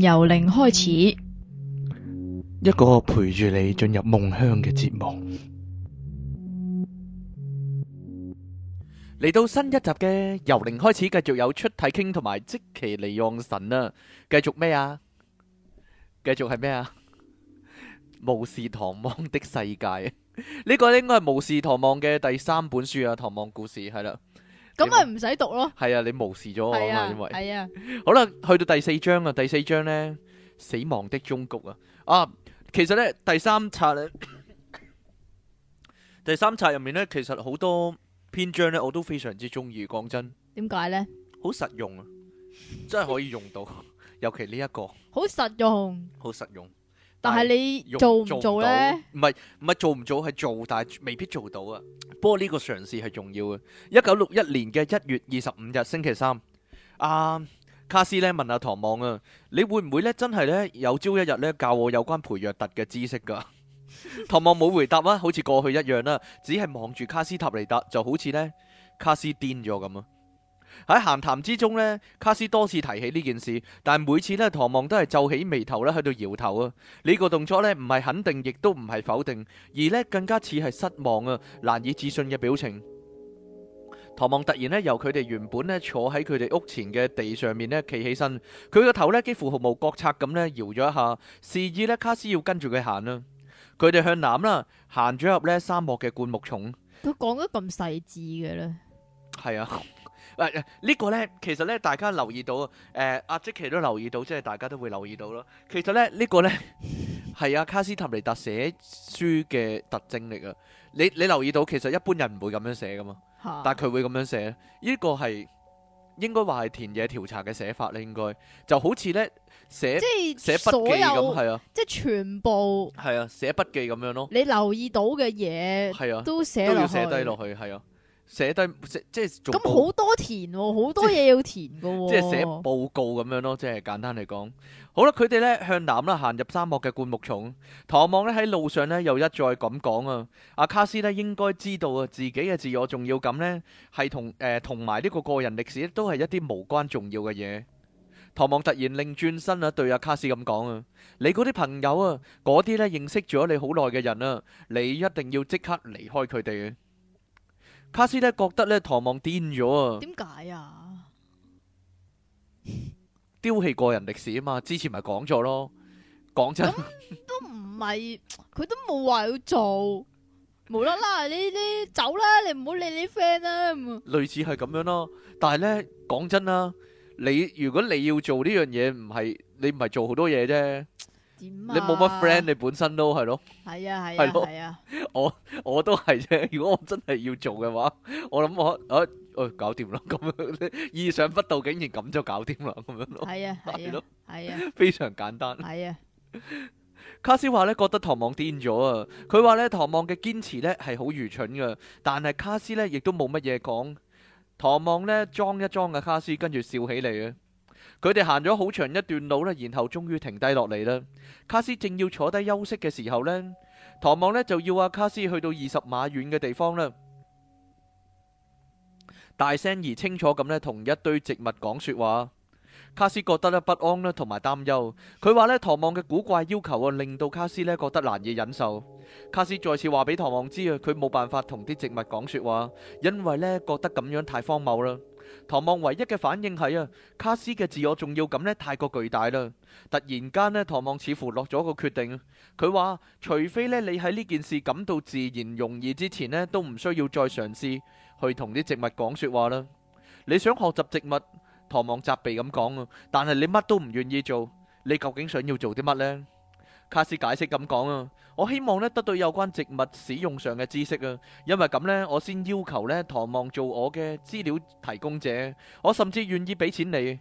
由零開始，一個陪住你進入夢鄉嘅節目。嚟到新一集嘅由零開始，繼續有出體傾同埋即其利用神啊！繼續咩啊？繼續係咩啊？巫士唐望的世界，呢 個應該係巫士唐望嘅第三本書啊！唐望故事係啦。咁咪唔使讀咯，係啊，你無視咗我啊嘛，因為係啊，好啦，去到第四章啊，第四章咧，死亡的忠告啊，啊，其實咧第三冊咧第三冊入面咧，其實好多篇章咧，我都非常之中意，講真，點解咧？好實用啊，真係可以用到，尤其呢一個，好實用，好實用。但係你做唔做咧？唔係唔係做唔做係做，做，但係未必做到啊。不過呢個嘗試係重要嘅。一九六一年嘅一月二十五日星期三，阿、啊、卡斯咧問阿唐望啊，你會唔會咧真係咧有朝一日咧教我有關培若特嘅知識噶？唐望冇回答啊，好似過去一樣啦，只係望住卡斯塔尼達就好似咧卡斯癲咗咁啊。喺閒談之中呢，卡斯多次提起呢件事，但每次呢，唐望都係皺起眉頭啦，喺度搖頭啊。呢個動作呢，唔係肯定，亦都唔係否定，而呢，更加似係失望啊，難以置信嘅表情。唐望突然呢，由佢哋原本呢坐喺佢哋屋前嘅地上面呢，企起身，佢個頭呢幾乎毫無覺察咁呢搖咗一下，示意呢卡斯要跟住佢行啊。佢哋向南啦，行咗入呢沙漠嘅灌木叢。佢講得咁細緻嘅咧，係啊。呢、呃這個呢，其實呢，大家留意到，誒、呃，阿、啊、j 奇都留意到，即係大家都會留意到咯。其實呢，呢、這個呢，係阿、啊、卡斯塔尼達寫書嘅特徵嚟噶。你你留意到，其實一般人唔會咁樣寫噶嘛，但係佢會咁樣寫。呢、這個係應該話係田野調查嘅寫法咧，應該就好似呢，寫即係是寫筆記咁，係有啊，即係全部係啊，寫筆記咁樣咯。你留意到嘅嘢係啊，都寫都要寫低落去，係啊。寫低，即係咁好多填，好多嘢要填噶。即係寫報告咁樣咯，即係簡單嚟講。好啦，佢哋咧，向南啦，行入沙漠嘅灌木叢。唐望呢喺路上呢又一再咁講啊。阿卡斯呢應該知道啊自己嘅自我重要感呢係同誒，同埋呢個個人歷史都係一啲無關重要嘅嘢。唐望突然擰轉身啊，對阿卡斯咁講啊：你嗰啲朋友啊，嗰啲咧，認識咗你好耐嘅人啊，你一定要即刻離開佢哋啊。」卡斯咧覺得咧唐望癲咗啊！點解啊？丟棄個人歷史啊嘛！之前咪講咗咯，講真。都唔係佢都冇話要做，無啦啦你啲走啦，你唔好理你 friend 啦、啊。類似係咁樣咯，但係咧講真啦，你如果你要做呢樣嘢，唔係你唔係做好多嘢啫。你冇乜 friend，你本身都係咯。係啊係啊，係啊。係咯係啊，我我都係啫。如果我真係要做嘅話，我諗我啊，哎、搞掂啦。咁樣意想不到，竟然咁就搞掂啦。咁樣咯。係啊係啊。係啊。係咯係啊非常簡單，啊。係啊，啊。卡斯話咧，覺得唐望癲咗啊。佢話咧，唐望嘅堅持咧係好愚蠢噶。但係卡斯咧，亦都冇乜嘢講。唐望咧裝一裝嘅卡斯，跟住笑起嚟啊。佢哋行咗好長一段路啦，然後終於停低落嚟啦。卡斯正要坐低休息嘅時候咧，唐望咧就要阿卡斯去到二十碼遠嘅地方啦，大聲而清楚咁咧同一堆植物講說話。卡斯覺得咧不安啦，同埋擔憂。佢話咧唐望嘅古怪要求啊，令到卡斯咧覺得難以忍受。卡斯再次話俾唐望知啊，佢冇辦法同啲植物講說話，因為咧覺得咁樣太荒謬啦。唐望唯一嘅反應係啊，卡斯嘅自我重要感呢，太過巨大啦。突然間呢，唐望似乎落咗個決定。佢話除非呢，你喺呢件事感到自然容易之前呢，都唔需要再嘗試去同啲植物講說話啦。你想學習植物？唐望責備咁講啊，但係你乜都唔願意做，你究竟想要做啲乜呢？卡斯解釋咁講啊。我希望呢得到有關植物使用上嘅知識啊，因為咁呢，我先要求呢唐望做我嘅資料提供者，我甚至願意俾錢你。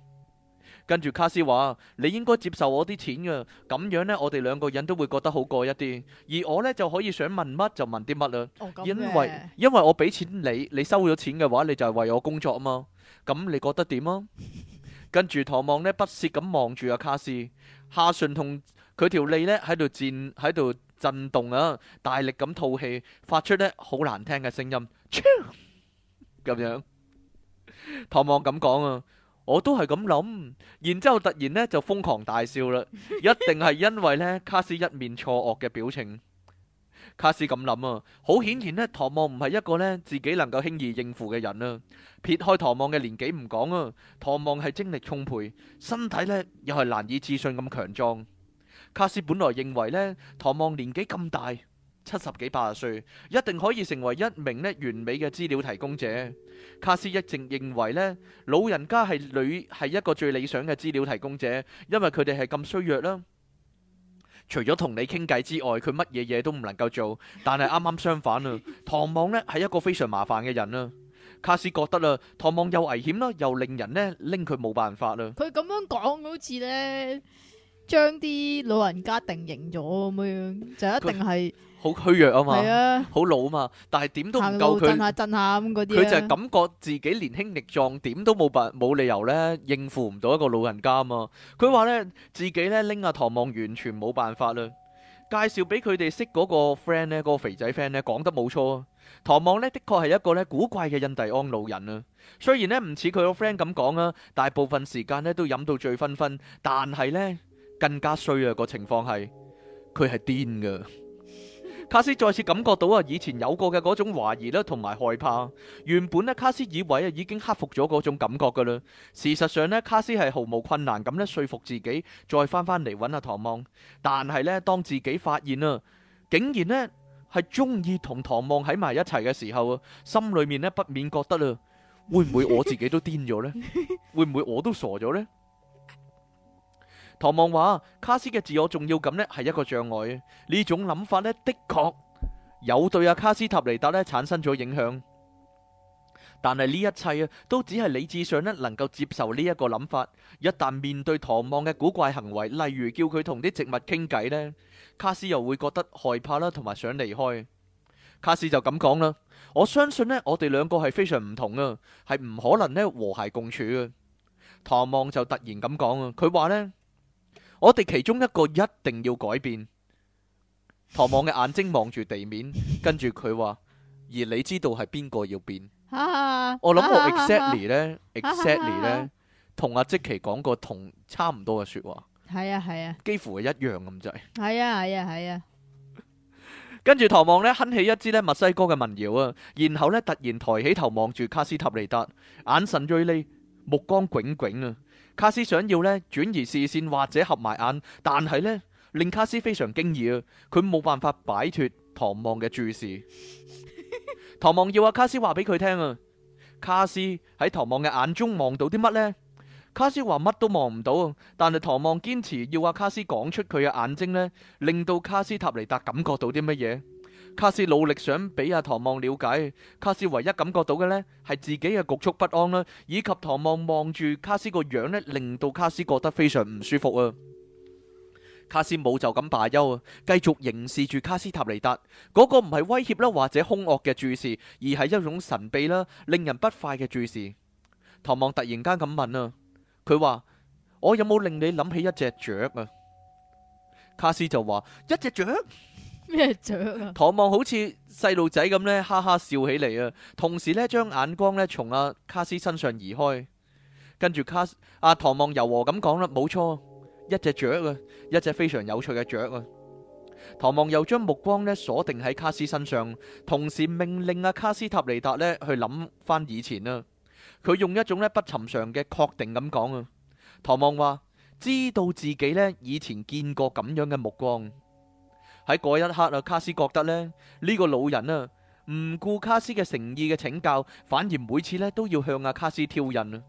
跟住卡斯話：你應該接受我啲錢噶，咁樣呢，我哋兩個人都會覺得好過一啲。而我呢，就可以想問乜就問啲乜啦，因為因為我俾錢你，你收咗錢嘅話，你就係為我工作啊嘛。咁你覺得點啊？跟住 唐望呢，不屑咁望住阿卡斯，下唇同佢條脷呢，喺度戰喺度，震動啊！大力咁吐氣，發出咧好難聽嘅聲音，咁樣。唐望咁講啊，我都係咁諗。然之後突然咧就瘋狂大笑啦，一定係因為咧卡斯一面錯愕嘅表情。卡斯咁諗啊，好顯然咧，唐望唔係一個咧自己能夠輕易應付嘅人啊。撇開唐望嘅年紀唔講啊，唐望係精力充沛，身體咧又係難以置信咁強壯。卡斯本來認為呢，唐望年紀咁大，七十幾八十歲，一定可以成為一名呢完美嘅資料提供者。卡斯一直認為呢，老人家係女係一個最理想嘅資料提供者，因為佢哋係咁衰弱啦。除咗同你傾偈之外，佢乜嘢嘢都唔能夠做。但係啱啱相反啊， 唐望呢係一個非常麻煩嘅人啦。卡斯覺得啦、啊，唐望又危險啦，又令人呢拎佢冇辦法啦。佢咁樣講，好似呢。將啲老人家定型咗咁樣，就一定係好虛弱啊嘛，係啊，好老啊嘛。但係點都唔夠佢，佢就係感覺自己年輕力壯，點都冇辦冇理由咧應付唔到一個老人家啊嘛。佢話咧自己咧拎阿唐望完全冇辦法啦。介紹俾佢哋識嗰個 friend 咧，嗰個肥仔 friend 咧講得冇錯啊。唐望呢，的確係一個咧古怪嘅印第安老人啊。雖然呢，唔似佢個 friend 咁講啊，大部分時間呢，都飲到醉醺醺，但係咧。更加衰啊！個情況係佢係癲噶。卡斯再次感覺到啊，以前有過嘅嗰種懷疑啦，同埋害怕。原本呢，卡斯以為啊，已經克服咗嗰種感覺噶啦。事實上呢，卡斯係毫無困難咁呢說服自己再翻返嚟揾阿唐望。但係呢，當自己發現啊，竟然呢係中意同唐望喺埋一齊嘅時候啊，心裏面呢不免覺得啊，會唔會我自己都癲咗呢？會唔會我都傻咗呢？唐望話：卡斯嘅自我重要感咧係一個障礙。呢種諗法咧的確有對啊卡斯塔尼達咧產生咗影響，但係呢一切啊都只係理智上咧能夠接受呢一個諗法。一旦面對唐望嘅古怪行為，例如叫佢同啲植物傾偈，呢卡斯又會覺得害怕啦，同埋想離開。卡斯就咁講啦，我相信呢，我哋兩個係非常唔同啊，係唔可能呢和諧共處嘅。唐望就突然咁講啊，佢話呢。我哋其中一個一定要改變。唐望嘅眼睛望住地面，跟住佢話，而你知道係邊個要變？ 我諗我 exactly 呢 exactly 呢，同 阿 即 奇 講 過 同 差唔多嘅說話。係啊係啊，幾乎係一樣咁滯。係啊係啊係啊。跟住唐望呢，哼起一支咧墨西哥嘅民謠啊，然後呢，突然抬起頭望住卡斯塔利達，眼神銳利，目光炯炯啊。卡斯想要咧轉移視線或者合埋眼，但係呢，令卡斯非常驚異啊！佢冇辦法擺脫唐望嘅注視。唐望要阿卡斯話俾佢聽啊！卡斯喺唐望嘅眼中望到啲乜呢？卡斯話乜都望唔到啊。但係唐望堅持要阿卡斯講出佢嘅眼睛呢，令到卡斯塔尼達感覺到啲乜嘢。卡斯努力想俾阿唐望了解，卡斯唯一感覺到嘅呢係自己嘅局促不安啦，以及唐望望住卡斯個樣呢，令到卡斯覺得非常唔舒服啊。卡斯冇就咁罷休啊，繼續凝視住卡斯塔尼達嗰個唔係威脅啦，或者凶惡嘅注視，而係一種神秘啦、令人不快嘅注視。唐望突然間咁問啊，佢話我有冇令你諗起一隻雀啊？卡斯就話一隻雀。咩啊？唐望好似細路仔咁呢，哈哈笑起嚟啊！同時呢，將眼光呢從阿卡斯身上移開，跟住卡斯、啊、唐望柔和咁講啦：，冇錯，一隻雀啊，一隻非常有趣嘅雀啊！唐望又將目光呢鎖定喺卡斯身上，同時命令阿、啊、卡斯塔尼達呢去諗翻以前啊。佢用一種呢不尋常嘅確定咁講啊。唐望話：知道自己呢以前見過咁樣嘅目光。喺嗰一刻啊，卡斯覺得呢呢個老人啊，唔顧卡斯嘅誠意嘅請教，反而每次呢都要向阿卡斯挑釁啊。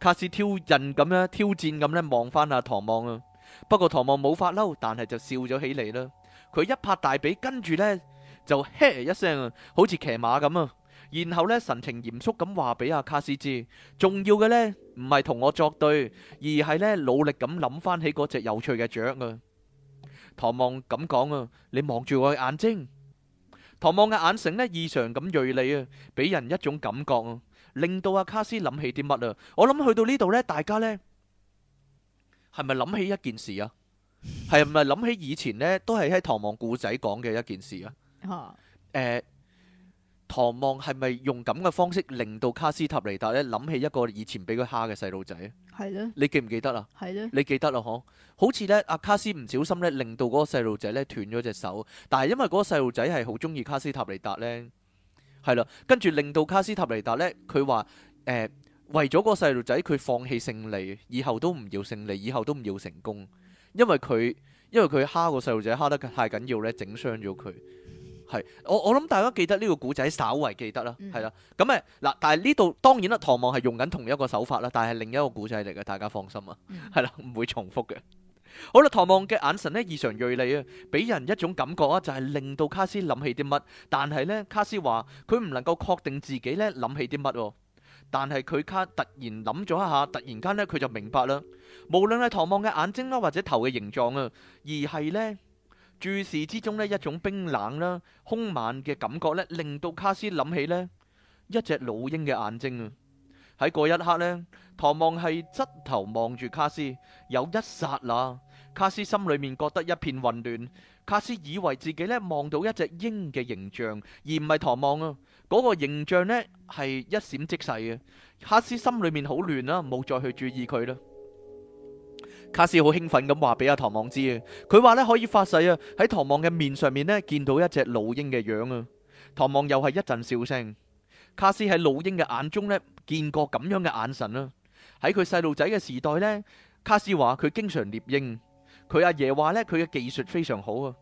卡斯挑釁咁樣，挑戰咁樣望翻阿唐望啊。不過唐望冇發嬲，但係就笑咗起嚟啦。佢一拍大髀，跟住呢就嘿一聲啊，好似騎馬咁啊。然後呢神情嚴肅咁話俾阿卡斯知，重要嘅呢唔係同我作對，而係呢努力咁諗翻起嗰隻有趣嘅雀啊。唐望咁講啊，你望住我嘅眼睛。唐望嘅眼神呢異常咁銳利啊，俾人一種感覺啊，令到阿卡斯諗起啲乜啊？我諗去到呢度呢，大家呢係咪諗起一件事啊？係唔係諗起以前呢都係喺唐望故仔講嘅一件事啊？吓，誒。唐望係咪用咁嘅方式令到卡斯塔尼達呢諗起一個以前俾佢蝦嘅細路仔啊？係咯，你記唔記得啊？係咯，你記得咯嗬？好似呢，阿卡斯唔小心呢令到嗰個細路仔呢斷咗隻手，但係因為嗰個細路仔係好中意卡斯塔尼達呢。係啦，跟住令到卡斯塔尼達呢，佢話誒為咗個細路仔，佢放棄勝利，以後都唔要勝利，以後都唔要成功，因為佢因為佢蝦個細路仔蝦得太緊要呢，整傷咗佢。係，我我諗大家記得呢個古仔，稍為記得啦，係啦、嗯，咁誒，嗱，但係呢度當然啦，唐望係用緊同一個手法啦，但係另一個古仔嚟嘅，大家放心啊，係啦、嗯，唔會重複嘅。好啦，唐望嘅眼神呢，異常銳利啊，俾人一種感覺啊，就係令到卡斯諗起啲乜，但係呢，卡斯話佢唔能夠確定自己呢諗起啲乜，但係佢卡突然諗咗一下，突然間呢，佢就明白啦。無論係唐望嘅眼睛啦，或者頭嘅形狀啊，而係呢。注視之中咧，一種冰冷啦、凶猛嘅感覺咧，令到卡斯諗起咧一隻老鷹嘅眼睛啊！喺嗰一刻咧，唐望係側頭望住卡斯，有一剎那，卡斯心裏面覺得一片混亂。卡斯以為自己咧望到一隻鷹嘅形象，而唔係唐望啊！嗰個形象咧係一閃即逝嘅。卡斯心裏面好亂啦，冇再去注意佢啦。卡斯好興奮咁話俾阿唐望知啊，佢話咧可以發誓啊，喺唐望嘅面上面咧見到一隻老鷹嘅樣啊。唐望又係一陣笑聲。卡斯喺老鷹嘅眼中咧見過咁樣嘅眼神啦。喺佢細路仔嘅時代呢，卡斯話佢經常獵鷹，佢阿爺話呢，佢嘅技術非常好啊，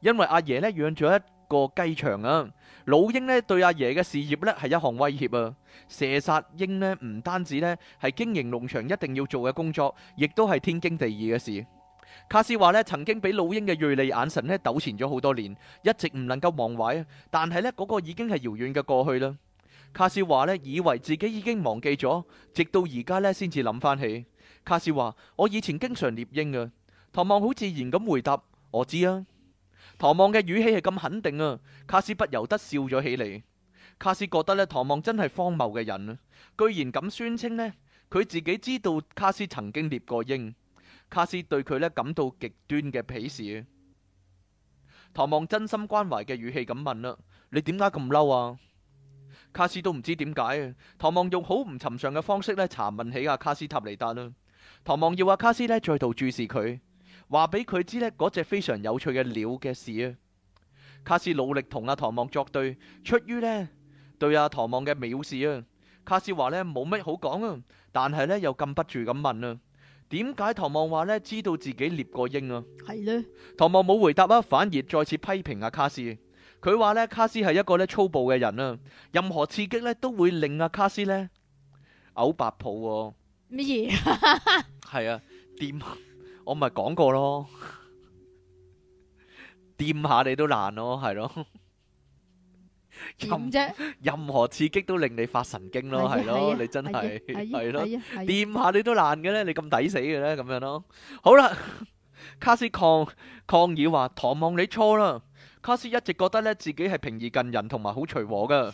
因為阿爺咧養咗一個雞場啊。老鷹咧對阿爺嘅事業咧係一項威脅啊！射殺鷹咧唔單止咧係經營農場一定要做嘅工作，亦都係天經地義嘅事。卡斯話咧曾經俾老鷹嘅銳利眼神咧糾纏咗好多年，一直唔能夠忘懷啊！但係咧嗰個已經係遙遠嘅過去啦。卡斯話咧以為自己已經忘記咗，直到而家咧先至諗翻起。卡斯話我以前經常獵鷹啊。唐望好自然咁回答我知啊。唐望嘅語氣係咁肯定啊，卡斯不由得笑咗起嚟。卡斯覺得呢，唐望真係荒謬嘅人啊，居然咁宣稱呢，佢自己知道卡斯曾經獵過鷹。卡斯對佢呢感到極端嘅鄙視啊。唐望真心關懷嘅語氣咁問啦：你點解咁嬲啊？卡斯都唔知點解啊。唐望用好唔尋常嘅方式呢，查問起阿卡斯塔尼達啦。唐望要阿卡斯呢再度注視佢。話俾佢知呢嗰隻非常有趣嘅鳥嘅事啊！卡斯努力同阿唐望作對，出於呢對阿、啊、唐望嘅藐視啊！卡斯話呢冇乜好講啊，但係呢又禁不住咁問啊，點解唐望話呢知道自己獵過鷹啊？係呢的，唐望冇回答啊，反而再次批評阿、啊、卡斯。佢話呢，卡斯係一個呢粗暴嘅人啊，任何刺激呢都會令阿、啊、卡斯呢。「嘔白泡。乜嘢？係啊，點什麼。 我咪講過咯，掂下你都爛咯，係咯。任啫，任何刺激都令你發神經咯，係咯。你真係係咯，掂下你都爛嘅咧，你咁抵死嘅咧，咁樣咯。好啦，卡斯抗抗議，話唐望你錯啦。卡斯一直覺得咧自己係平易近人同埋好隨和噶。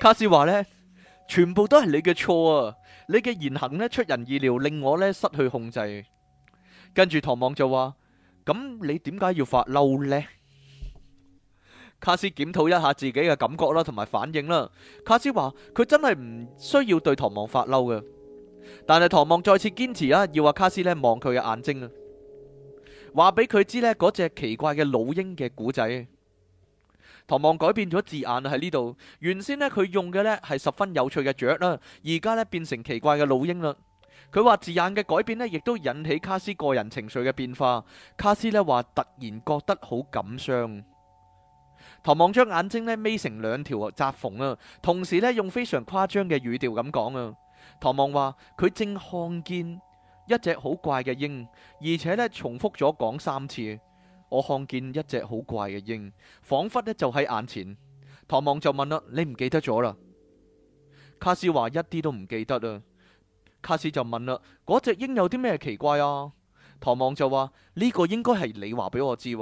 卡斯話咧，全部都係你嘅錯啊！你嘅言行咧出人意料，令我咧失去控制。跟住唐望就話：咁你點解要發嬲呢？卡斯檢討一下自己嘅感覺啦，同埋反應啦。卡斯話：佢真係唔需要對唐望發嬲嘅。但係唐望再次堅持啊，要阿卡斯呢望佢嘅眼睛啊，話俾佢知呢嗰隻奇怪嘅老鷹嘅古仔。唐望改變咗字眼啊，喺呢度原先呢，佢用嘅呢係十分有趣嘅雀啦，而家呢變成奇怪嘅老鷹啦。佢話字眼嘅改變呢，亦都引起卡斯個人情緒嘅變化。卡斯呢話突然覺得好感傷，唐望將眼睛呢，眯成兩條窄縫啊，同時呢，用非常誇張嘅語調咁講啊。唐望話佢正看見一隻好怪嘅鷹，而且呢，重複咗講三次，我看見一隻好怪嘅鷹，仿佛呢，就喺眼前。唐望就問啦，啊：你唔記得咗啦？卡斯話一啲都唔記得啊。卡斯就問啦：嗰隻鷹有啲咩奇怪啊？唐望就話：呢個應該係你話俾我知。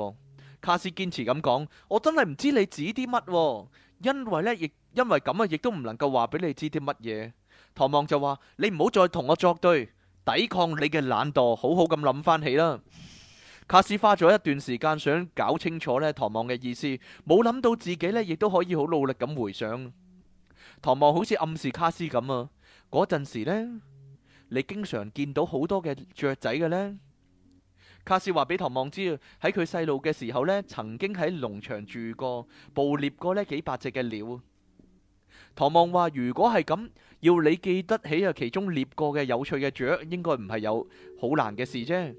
卡斯堅持咁講：我真係唔知你指啲乜，因為呢，亦因為咁啊，亦都唔能夠話俾你知啲乜嘢。唐望就話：你唔好再同我作對，抵抗你嘅懶惰，好好咁諗返起啦。卡斯花咗一段時間想搞清楚呢唐望嘅意思，冇諗到自己呢，亦都可以好努力咁回想。唐望好似暗示卡斯咁啊，嗰陣時呢。你經常見到好多嘅雀仔嘅呢？卡斯話俾唐望知，喺佢細路嘅時候呢，曾經喺農場住過，捕獵過呢幾百隻嘅鳥。唐望話：如果係咁，要你記得起啊其中獵過嘅有趣嘅雀，應該唔係有好難嘅事啫。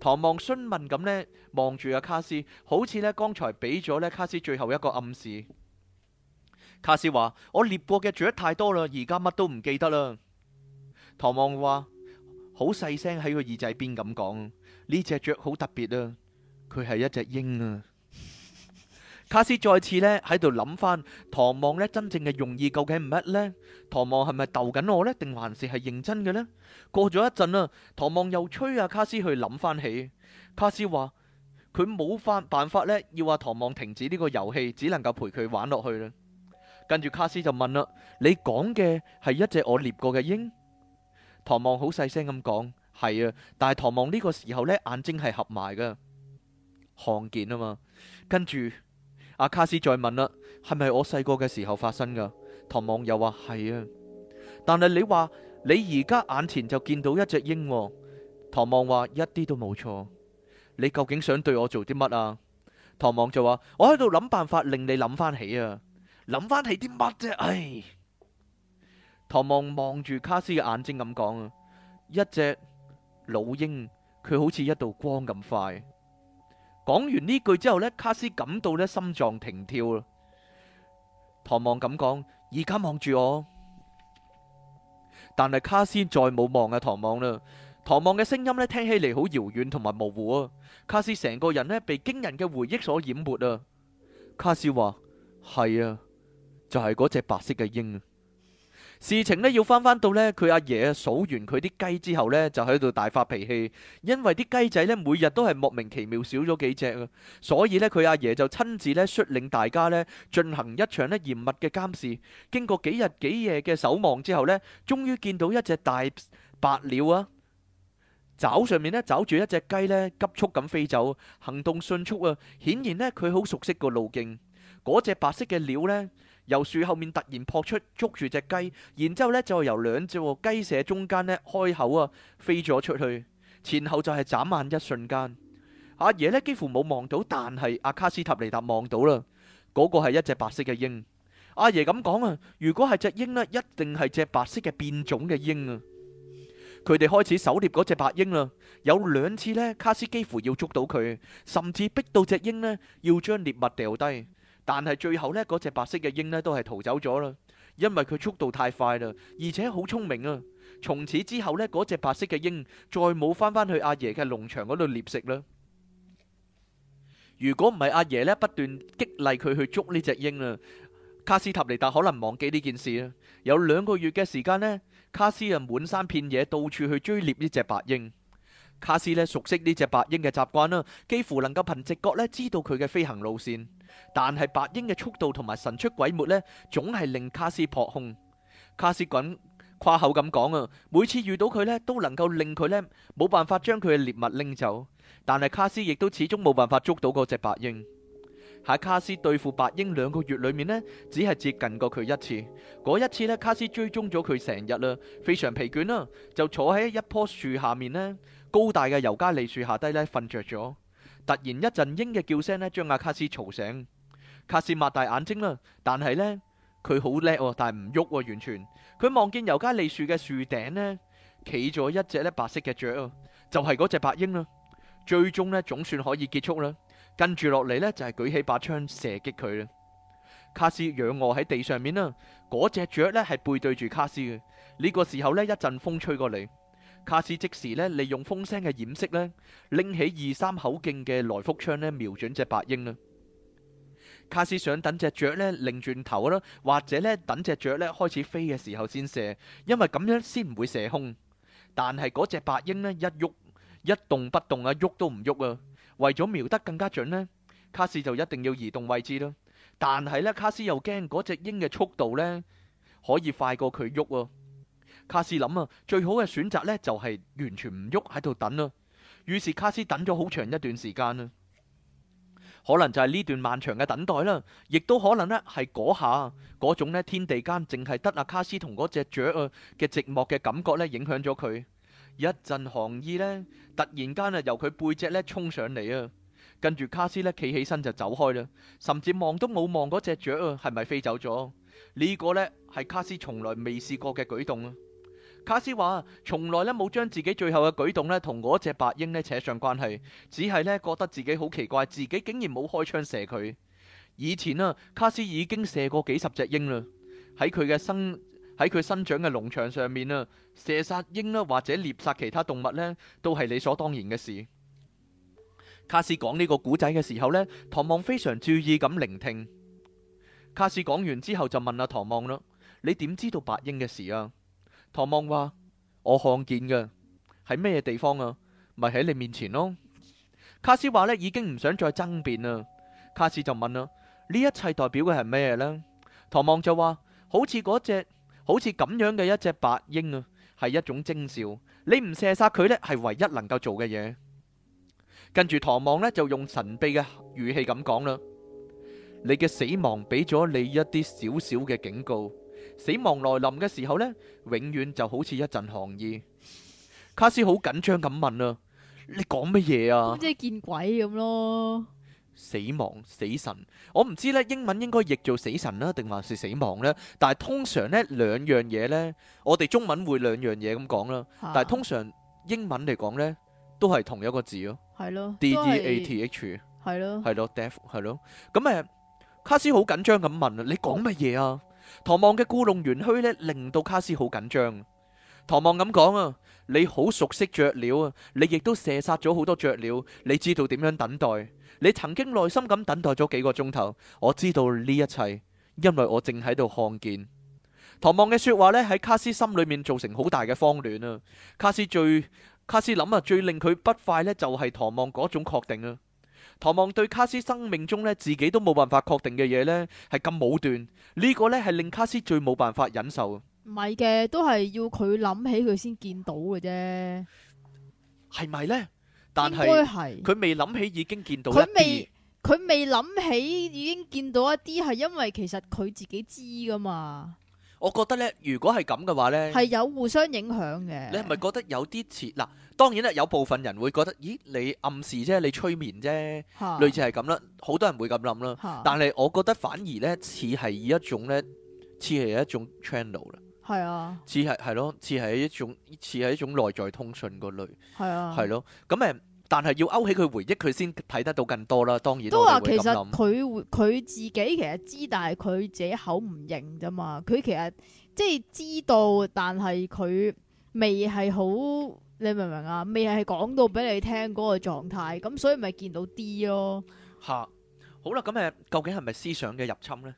唐望詢問咁呢，望住阿卡斯，好似呢剛才俾咗呢卡斯最後一個暗示。卡斯話：我獵過嘅雀太多啦，而家乜都唔記得啦。唐望話好細聲喺佢耳仔邊咁講呢隻雀好特別啊！佢係一隻鷹啊！ 卡斯再次呢喺度諗翻，唐望呢真正嘅用意究竟係乜呢？唐望係咪逗緊我呢？定還是係認真嘅呢？過咗一陣啊，唐望又催阿、啊、卡斯去諗翻起。卡斯話佢冇法辦法呢，要阿唐望停止呢個遊戲，只能夠陪佢玩落去啦。跟住卡斯就問啦：你講嘅係一隻我獵過嘅鷹？唐望好細聲咁講，係啊，但係唐望呢個時候呢，眼睛係合埋噶，罕見啊嘛。跟住阿卡斯再問啦，係咪我細個嘅時候發生噶？唐望又話係啊，但係你話你而家眼前就見到一隻鷹喎，唐望話一啲都冇錯。你究竟想對我做啲乜啊？唐望就話我喺度諗辦法令你諗翻起啊，諗翻起啲乜啫？唉。唐望望住卡斯嘅眼睛咁講啊，一隻老鷹，佢好似一道光咁快。講完呢句之後呢，卡斯感到呢心臟停跳啦。唐望咁講，而家望住我，但係卡斯再冇望啊唐望啦。唐望嘅聲音呢聽起嚟好遙遠同埋模糊啊。卡斯成個人呢，被驚人嘅回憶所淹沒啊。卡斯話係啊，就係嗰隻白色嘅鷹。事情呢要翻返到呢，佢阿爺數完佢啲雞之後呢，就喺度大發脾氣，因為啲雞仔呢，每日都係莫名其妙少咗幾隻啊，所以呢，佢阿爺就親自呢率領大家呢，進行一場呢嚴密嘅監視。經過幾日幾夜嘅守望之後呢，終於見到一隻大白鳥啊，爪上面呢，抓住一隻雞呢，急速咁飛走，行動迅速啊，顯然呢，佢好熟悉個路徑。嗰隻白色嘅鳥呢，由樹後面突然撲出，捉住隻雞，然之後咧就由兩隻雞舍中間呢，開口啊，飛咗出去，前後就係眨眼一瞬間。阿爺呢幾乎冇望到，但係阿卡斯塔尼達望到啦。嗰個係一隻白色嘅鷹。阿爺咁講啊，如果係隻鷹呢，一定係隻白色嘅變種嘅鷹啊。佢哋開始狩獵嗰隻白鷹啦，有兩次呢，卡斯幾乎要捉到佢，甚至逼到隻鷹呢要將獵物掉低。但係最後呢，嗰隻白色嘅鷹呢都係逃走咗啦，因為佢速度太快啦，而且好聰明啊。從此之後呢，嗰隻白色嘅鷹再冇返返去阿爺嘅農場嗰度獵食啦。如果唔係阿爺呢不斷激勵佢去捉呢隻鷹啊，卡斯塔尼達可能忘記呢件事啊。有兩個月嘅時間呢，卡斯啊滿山遍野到處去追獵呢隻白鷹。卡斯咧熟悉呢隻白鷹嘅習慣啦，幾乎能夠憑直覺咧知道佢嘅飛行路線。但係白鷹嘅速度同埋神出鬼沒呢，總係令卡斯撲空。卡斯緊誇口咁講啊，每次遇到佢呢都能夠令佢呢冇辦法將佢嘅獵物拎走。但係卡斯亦都始終冇辦法捉到嗰隻白鷹。喺卡斯對付白鷹兩個月裏面呢，只係接近過佢一次。嗰一次呢，卡斯追蹤咗佢成日啦，非常疲倦啦，就坐喺一棵樹下面呢，高大嘅尤加利樹下低呢瞓着咗，突然一陣鷹嘅叫聲呢將阿卡斯嘈醒。卡斯擘大眼睛啦，但係呢，佢好叻喎，但係唔喐完全。佢望見尤加利樹嘅樹頂呢，企咗一隻呢白色嘅雀，就係嗰隻白鷹啦。最終呢，總算可以結束啦，跟住落嚟呢，就係舉起把槍射擊佢啦。卡斯仰卧喺地上面啦，嗰隻雀呢係背對住卡斯嘅。呢個時候呢，一陣風吹過嚟。卡斯即時咧利用風聲嘅掩飾咧，拎起二三口徑嘅來福槍咧，瞄準隻白鷹啦。卡斯想等隻雀咧擰轉頭啦，或者咧等隻雀咧開始飛嘅時候先射，因為咁樣先唔會射空。但係嗰隻白鷹咧一喐一動不動啊，喐都唔喐啊。為咗瞄得更加準咧，卡斯就一定要移動位置啦。但係咧，卡斯又驚嗰隻鷹嘅速度咧可以快過佢喐啊。卡斯諗啊，最好嘅選擇呢就係、是、完全唔喐喺度等啦、啊。於是卡斯等咗好長一段時間啊，可能就係呢段漫長嘅等待啦，亦都可能呢係嗰下嗰種呢天地間淨係得阿、啊、卡斯同嗰隻雀啊嘅寂寞嘅感覺呢影響咗佢。一陣寒意呢，突然間啊由佢背脊呢衝上嚟，啊，跟住卡斯呢企起身就走開啦，甚至望都冇望嗰隻雀啊係咪飛走咗？呢、這個呢係卡斯從來未試過嘅舉動啊！卡斯話：從來咧冇將自己最後嘅舉動咧同嗰隻白鷹咧扯上關係，只係咧覺得自己好奇怪，自己竟然冇開槍射佢。以前啊，卡斯已經射過幾十隻鷹啦，喺佢嘅生喺佢生長嘅農場上面啊，射殺鷹啦或者獵殺其他動物咧都係理所當然嘅事。卡斯講呢個古仔嘅時候呢，唐望非常注意咁聆聽。卡斯講完之後就問阿、啊、唐望啦：你點知道白鷹嘅事啊？唐望話：我看見嘅喺咩地方啊？咪喺你面前咯。卡斯話呢已經唔想再爭辯啦。卡斯就問啦：呢一切代表嘅係咩呢？唐望就話：好似嗰隻好似咁樣嘅一隻白鷹啊，係一種徵兆。你唔射殺佢呢，係唯一能夠做嘅嘢。跟住唐望呢，就用神秘嘅語氣咁講啦：你嘅死亡俾咗你一啲小小嘅警告。死亡來臨嘅時候呢，永遠就好似一陣寒意。卡斯好緊張咁問啊：你講乜嘢啊？即係見鬼咁咯。死亡、死神，我唔知呢英文應該譯做死神啦，定還是死亡呢？但係通常呢兩樣嘢呢，我哋中文會兩樣嘢咁講啦。啊、但係通常英文嚟講呢，都係同一個字咯。係咯。D D A T H 的。係咯的。係咯，death。係咯的。咁誒，卡斯好緊張咁問啊：你講乜嘢啊？ 唐望嘅故弄玄虛呢，令到卡斯好緊張。唐望咁講啊，你好熟悉雀鳥啊，你亦都射殺咗好多雀鳥，你知道點樣等待。你曾經耐心咁等待咗幾個鐘頭，我知道呢一切，因為我正喺度看見。唐望嘅說話呢，喺卡斯心裏面造成好大嘅慌亂啊！卡斯最，卡斯諗啊，最令佢不快呢，就係唐望嗰種確定啊！唐望對卡斯生命中咧，自己都冇辦法確定嘅嘢咧係咁武斷，呢個咧係令卡斯最冇辦法忍受。唔係嘅，都係要佢諗起佢先見到嘅啫。係咪咧？但係佢未諗起已經見到一啲，佢未諗起已經見到一啲，係因為其實佢自己知噶嘛。我覺得呢，如果係咁嘅話呢，係有互相影響嘅。你係咪覺得有啲似嗱？當然啦，有部分人會覺得，咦，你暗示啫，你催眠啫，哈類似係咁啦。好多人會咁諗啦。哈但係我覺得反而呢，似係以一種呢，似係一種 channel 啦。係啊，似係係咯，似係一種似係一種內在通訊個類。係啊，係咯。咁誒。但係要勾起佢回憶，佢先睇得到更多啦。當然都話其實佢佢自己其實知，但係佢這口唔認啫嘛。佢其實即係知道，但係佢未係好，你明唔明啊？未係講到俾你聽嗰個狀態，咁所以咪見到啲咯。嚇、啊，好啦，咁誒，究竟係咪思想嘅入侵呢？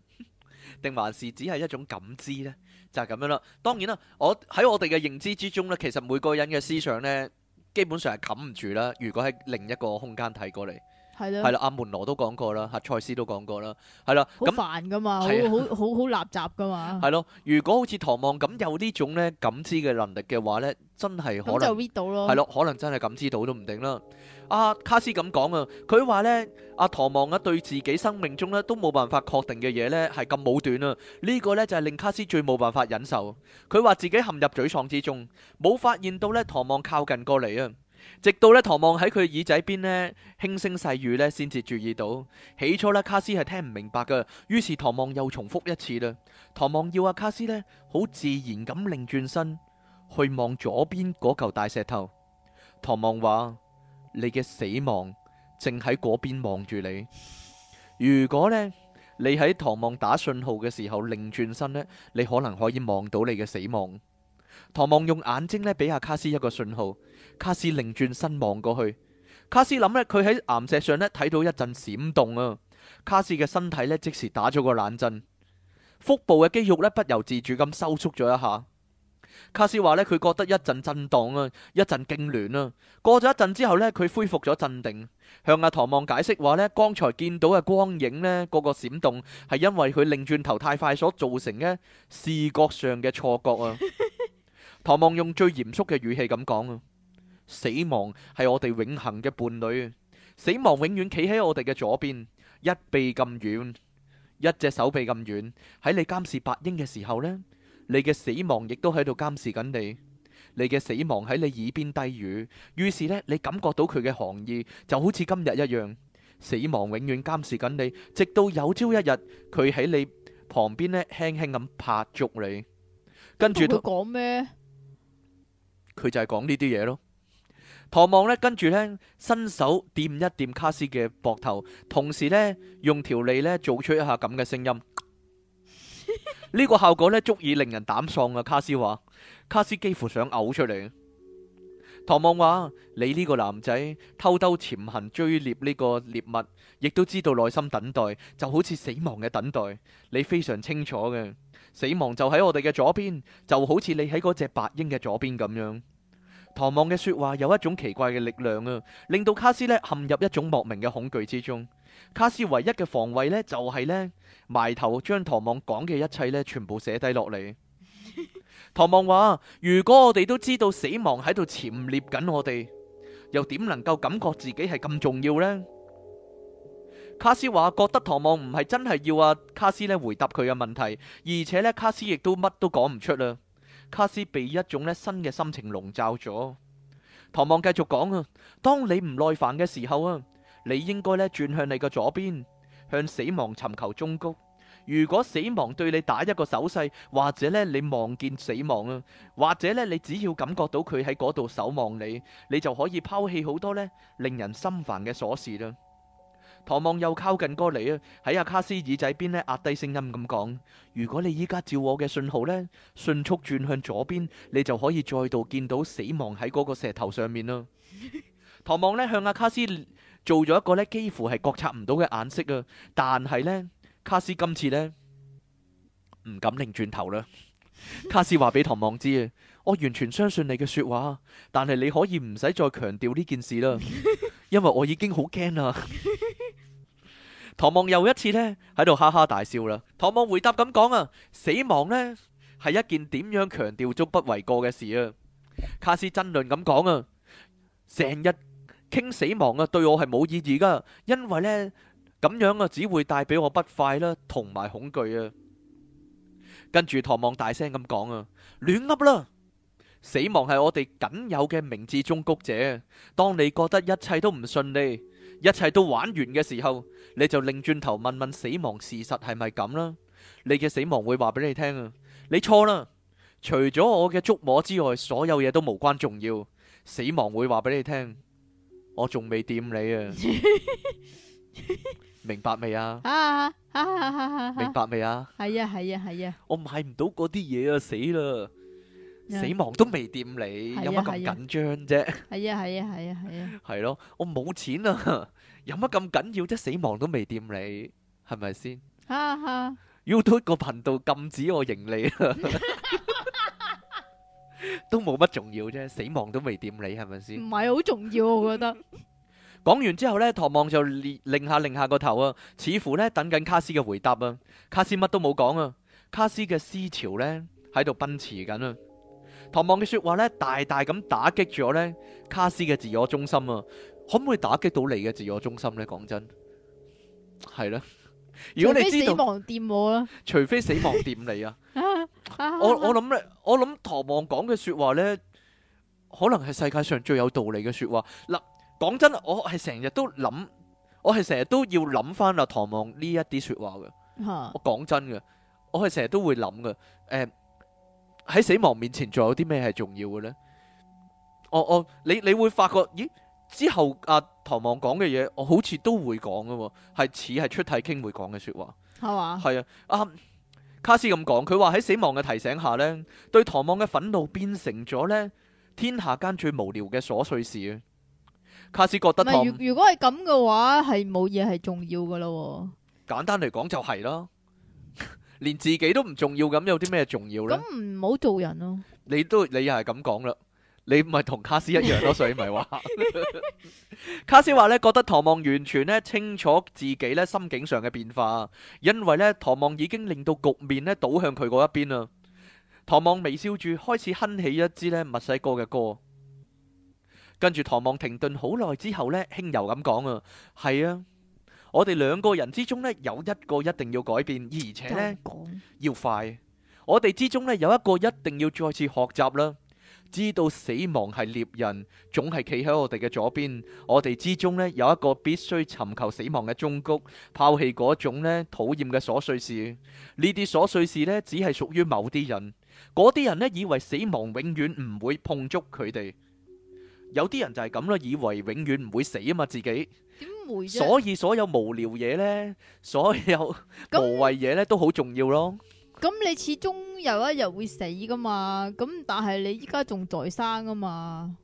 定 還是只係一種感知呢？就係、是、咁樣啦。當然啦，我喺我哋嘅認知之中咧，其實每個人嘅思想咧。基本上係冚唔住啦，如果喺另一個空間睇過嚟。係啦，係啦，阿門羅都講過啦，阿賽斯都講過啦，係啦，咁煩噶嘛，好好好垃圾噶嘛，係咯。如果好似唐望咁有呢種咧感知嘅能力嘅話咧，真係可能，就 read 到咯，係咯，可能真係感知到都唔定啦。阿卡斯咁講啊，佢話咧阿唐望啊，對自己生命中咧都冇辦法確定嘅嘢咧，係咁武斷啊。呢個咧就係令卡斯最冇辦法忍受。佢話自己陷入沮喪之中，冇發現到咧唐望靠近過嚟啊。直到咧，唐望喺佢耳仔邊咧輕聲細語咧，先至注意到。起初咧，卡斯係聽唔明白噶於是唐望又重複一次啦。唐望要阿、啊、卡斯咧，好自然咁擰轉身去望左邊嗰嚿大石頭。唐望話：你嘅死亡正喺嗰邊望住你。如果呢，你喺唐望打信號嘅時候擰轉身呢，你可能可以望到你嘅死亡。唐望用眼睛咧俾阿卡斯一個信號。卡斯擰轉，轉身望過去，卡斯諗呢佢喺岩石上咧睇到一陣閃動啊。卡斯嘅身體呢，即時打咗個冷震，腹部嘅肌肉呢不由自主咁收縮咗一下。卡斯話呢佢覺得一陣震盪啊，一陣痙攣啦。過咗一陣之後呢，佢恢復咗鎮定，向阿唐望解釋話呢剛才見到嘅光影呢，嗰個閃動係因為佢擰轉，轉頭太快所造成嘅視覺上嘅錯覺啊。唐望用最嚴肅嘅語氣咁講啊。死亡係我哋永恆嘅伴侶，死亡永遠企喺我哋嘅左邊，一臂咁遠，一隻手臂咁遠。喺你監視白鷹嘅時候咧，你嘅死亡亦都喺度監視緊你。你嘅死亡喺你耳邊低語，於是咧你感覺到佢嘅寒意，就好似今日一樣。死亡永遠監視緊你，直到有朝一日佢喺你旁邊咧輕輕咁拍足你，跟住都講咩？佢就係講呢啲嘢咯。唐望咧跟住咧伸手掂一掂卡斯嘅膊頭，同時咧用條脷咧做出一下咁嘅聲音。呢 個效果咧足以令人膽喪啊！卡斯話：卡斯幾乎想嘔出嚟。唐望話：你呢個男仔偷偷潛行追獵呢個獵物，亦都知道耐心等待，就好似死亡嘅等待。你非常清楚嘅，死亡就喺我哋嘅左邊，就好似你喺嗰隻白鷹嘅左邊咁樣。唐望嘅說話有一種奇怪嘅力量啊，令到卡斯咧陷入一種莫名嘅恐懼之中。卡斯唯一嘅防衛咧就係、是、咧埋頭將唐望講嘅一切咧全部寫低落嚟。唐 望話：如果我哋都知道死亡喺度潛獵緊我哋，又點能夠感覺自己係咁重要呢？卡要啊」卡斯話：覺得唐望唔係真係要阿卡斯咧回答佢嘅問題，而且咧卡斯亦都乜都講唔出啦。卡斯被一種咧新嘅心情籠罩咗。唐望繼續講啊，當你唔耐煩嘅時候啊，你應該咧轉向你嘅左邊，向死亡尋求忠告。如果死亡對你打一個手勢，或者咧你望見死亡啊，或者咧你只要感覺到佢喺嗰度守望你，你就可以拋棄好多咧令人心煩嘅瑣事啦。唐望又靠近過嚟啊，喺阿卡斯耳仔邊呢壓低聲音咁講：如果你依家照我嘅信號呢，迅速轉向左邊，你就可以再度見到死亡喺嗰個石頭上面啦。唐望 呢向阿卡斯做咗一個呢幾乎係覺察唔到嘅眼色啊，但係呢，卡斯今次呢唔敢擰轉頭啦。卡斯話俾唐望知啊，我完全相信你嘅說話，但係你可以唔使再強調呢件事啦，因為我已經好驚啦。 唐望又一次咧喺度哈哈大笑啦。唐望回答咁講啊，死亡呢係一件點樣強調足不為過嘅事啊。卡斯爭論咁講啊，成日傾死亡啊，對我係冇意義噶，因為呢，咁樣啊只會帶俾我不快啦，同埋恐懼啊。跟住唐望大聲咁講啊，亂噏啦！死亡係我哋僅有嘅明智忠告者。當你覺得一切都唔順利。一切都玩完嘅時候，你就擰轉頭問問死亡事實係咪咁啦？你嘅死亡會話俾你聽啊！你錯啦！除咗我嘅觸摸之外，所有嘢都無關重要。死亡會話俾你聽，我仲未掂你啊！ 明白未啊？啊 明白未啊？係啊係啊係啊！我買唔到嗰啲嘢啊！死啦！死亡都未掂你，有乜咁緊張啫？係啊係啊係啊係啊！係咯，我冇錢啊，有乜咁緊要啫？死亡都未掂你，係咪先？啊啊 ！YouTube 個頻道禁止我盈利啊 都冇乜重要啫。死亡都未掂你，係咪先？唔係好重要，我覺得 。講 完之後咧，唐望就擰擰下擰下個頭啊，似乎咧等緊卡斯嘅回答啊。卡斯乜都冇講啊，卡斯嘅思潮咧喺度奔馳緊啊。唐望嘅說話咧，大大咁打擊咗咧卡斯嘅自我中心啊！可唔可以打擊到你嘅自我中心咧？講真，係啦。如果你知道除非死亡掂我啦，除非死亡掂你啊！ 我我諗咧，我諗唐望講嘅說話咧，可能係世界上最有道理嘅說話。嗱，講真，我係成日都諗，我係成日都要諗翻啊！唐望呢一啲說話嘅， 我講真嘅，我係成日都會諗嘅，誒、嗯。喺死亡面前，仲有啲咩係重要嘅呢？哦、oh, oh,，我你你會發覺，咦之後阿唐望講嘅嘢，我好似都會講噶，係似係出體傾會講嘅說話係嘛？係吧啊，啊，卡斯咁講，佢話喺死亡嘅提醒下呢，對唐望嘅憤怒變成咗呢天下間最無聊嘅瑣碎事。卡斯覺得如果係咁嘅話，係冇嘢係重要噶咯，哦。簡單嚟講就係咯。連自己都唔重要咁，有啲咩重要呢？咁唔好做人咯。你都你又係咁講啦，你咪同卡斯一樣咯，所以咪話。卡斯話呢，覺得唐望完全呢清楚，自己呢心境上嘅變化，因為呢唐望已經令到局面呢倒向佢嗰一邊啦。唐望微笑住，開始哼起一支呢墨西哥嘅歌。跟住唐望停頓好耐之後呢輕柔咁講啊，係啊。我哋兩個人之中咧，有一個一定要改變，而且咧要快。我哋之中咧有一個一定要再次學習啦，知道死亡係獵人，總係企喺我哋嘅左邊。我哋之中咧有一個必須尋求死亡嘅忠告，拋棄嗰種咧討厭嘅瑣碎事。呢啲瑣碎事咧，只係屬於某啲人。嗰啲人咧，以為死亡永遠唔會碰觸佢哋。有啲人就係咁啦，以為永遠唔會死啊嘛，自己。點會？所以所有無聊嘢呢，所有無謂嘢呢，都好重要咯。咁你始終有一日會死噶嘛？咁但係你依家仲在生啊嘛？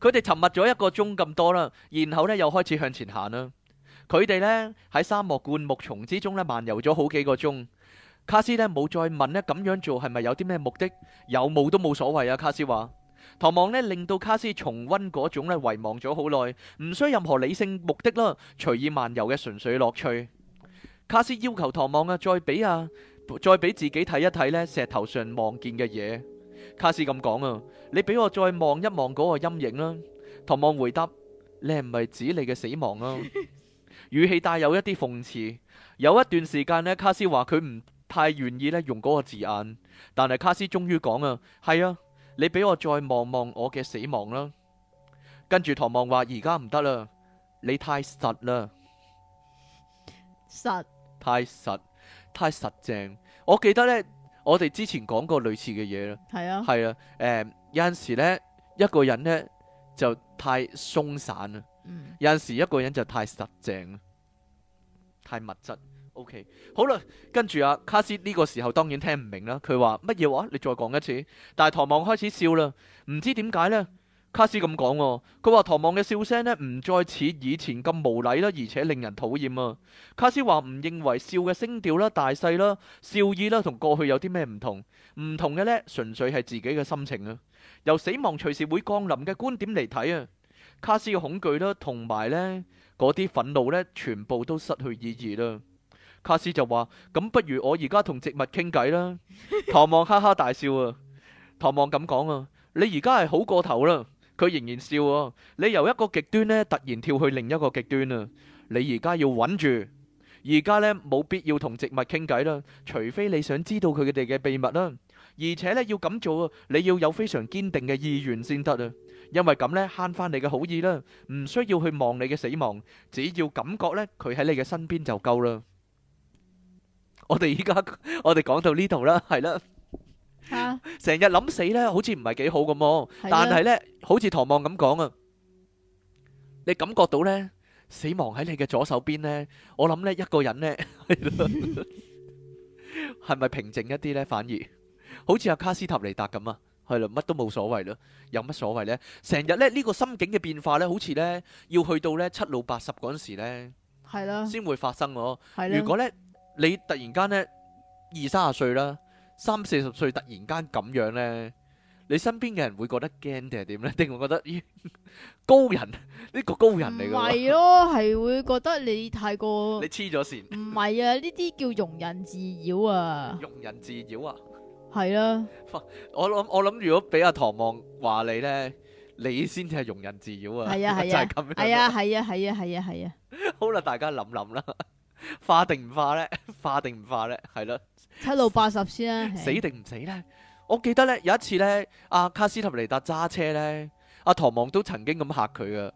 佢哋沉默咗一個鐘咁多啦，然後呢又開始向前行啦。佢哋呢喺沙漠灌木叢之中呢漫遊咗好幾個鐘。卡斯呢冇再問呢，咁樣做係咪有啲咩目的？有冇都冇所謂啊！卡斯話。唐望咧，令到卡斯重溫嗰種咧，遺忘咗好耐，唔需任何理性目的啦，隨意漫遊嘅純粹樂趣。卡斯要求唐望啊，再俾啊，再俾自己睇一睇咧，石頭上望見嘅嘢。卡斯咁講啊，你俾我再望一望嗰個陰影啦。唐望回答：你係唔係指你嘅死亡啊， 語氣帶有一啲諷刺。有一段時間咧，卡斯話佢唔太願意咧用嗰個字眼，但係卡斯終於講啊，係啊。你俾我再望望我嘅死亡啦，跟住唐望話：而家唔得啦，你太實啦，實，太實，太實正。我記得呢，我哋之前講過類似嘅嘢啦。係啊，係啊，呃，有陣時呢，一個人呢，就太鬆散啦，嗯，有陣時一個人就太實正，太物質。OK，好啦，跟住啊。卡斯呢個時候當然聽唔明啦。佢話，乜嘢話？你再講一次。但係唐望開始笑啦。唔知點解呢？卡斯咁講，哦，佢話唐望嘅笑聲呢，唔再似以前咁無禮啦，而且令人討厭啊。卡斯話唔認為笑嘅聲調啦，大細啦，笑意啦，同過去有啲咩唔同？唔同嘅呢，純粹係自己嘅心情啊。由死亡隨時會降臨嘅觀點嚟睇，啊，卡斯嘅恐懼啦，同埋呢嗰啲憤怒呢，全部都失去意義啦。卡斯就話咁，不如我而家同植物傾偈啦。唐望哈哈大笑啊。唐望咁講啊，你而家係好過頭啦。佢仍然笑啊。你由一個極端呢，突然跳去另一個極端啊。你而家要穩住，而家呢冇必要同植物傾偈啦，除非你想知道佢哋嘅秘密啦。而且呢要咁做啊，你要有非常堅定嘅意願先得啊。因為咁呢慳翻你嘅好意啦，唔需要去望你嘅死亡，只要感覺呢佢喺你嘅身邊就夠啦。我哋依家我哋講到呢度啦，係啦，成日諗死咧，好似唔係幾好咁咯。但係咧，好似唐望咁講啊，你感覺到咧死亡喺你嘅左手邊咧，我諗咧一個人咧係咯，係咪平靜一啲咧？反而好似阿卡斯塔尼達咁啊，係咯，乜都冇所謂咯，有乜所謂咧？成日咧呢個心境嘅變化咧，好似咧要去到咧七老八十嗰陣時咧，係咯，先會發生咯。如果咧。你突然間咧二三十歲啦，三四十歲突然間咁樣咧，你身邊嘅人會覺得驚定係點咧？定會覺得高人呢個高人嚟嘅？唔係咯，係會覺得你太過你黐咗線。唔係啊，呢啲叫庸人自擾啊。庸人自擾啊，係啊。我諗我諗，如果俾阿唐望話你咧，你先至係庸人自擾啊。係啊係啊，就係咁係啊係啊係啊係啊。好啦，大家諗諗啦。化定唔化咧？化定唔化咧？係咯，七老八十先啦。死定唔死咧？ 我記得咧有一次咧，阿、啊、卡斯塔尼達揸車咧，阿唐望都曾經咁嚇佢噶。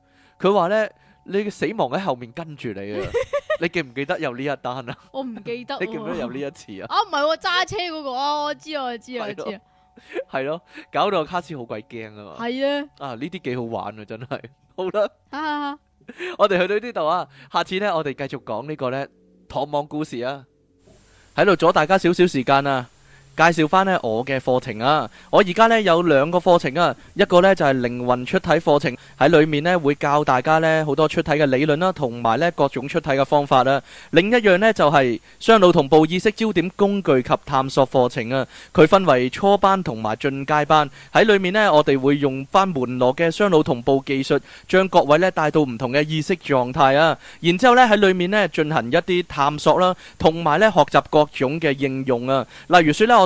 佢話咧，你嘅死亡喺後面跟住你啊！ 你記唔記得有呢一單啊？我唔記得。 你記唔記得有呢一次啊？ 啊唔係，揸、啊、車嗰、嗰個啊，我知我知我知，係咯 對了， 搞到我卡斯好鬼驚啊嘛。係啊。 啊呢啲幾好玩啊，真係。好啦。啊。 我哋去到呢度啊，下次咧我哋繼續講呢個咧唐望故事啊，喺度阻大家少少時間啊。介紹翻咧我嘅課程啊！我而家咧有兩個課程啊，一個咧就係靈魂出體課程，喺裡面咧會教大家咧好多出體嘅理論啦，同埋咧各種出體嘅方法啦。另一樣咧就係雙腦同步意識焦點工具及探索課程啊。佢分為初班同埋進階班，喺裡面咧我哋會用翻門羅嘅雙腦同步技術，將各位咧帶到唔同嘅意識狀態啊。然之後咧喺裡面咧進行一啲探索啦，同埋咧學習各種嘅應用啊。例如説咧我。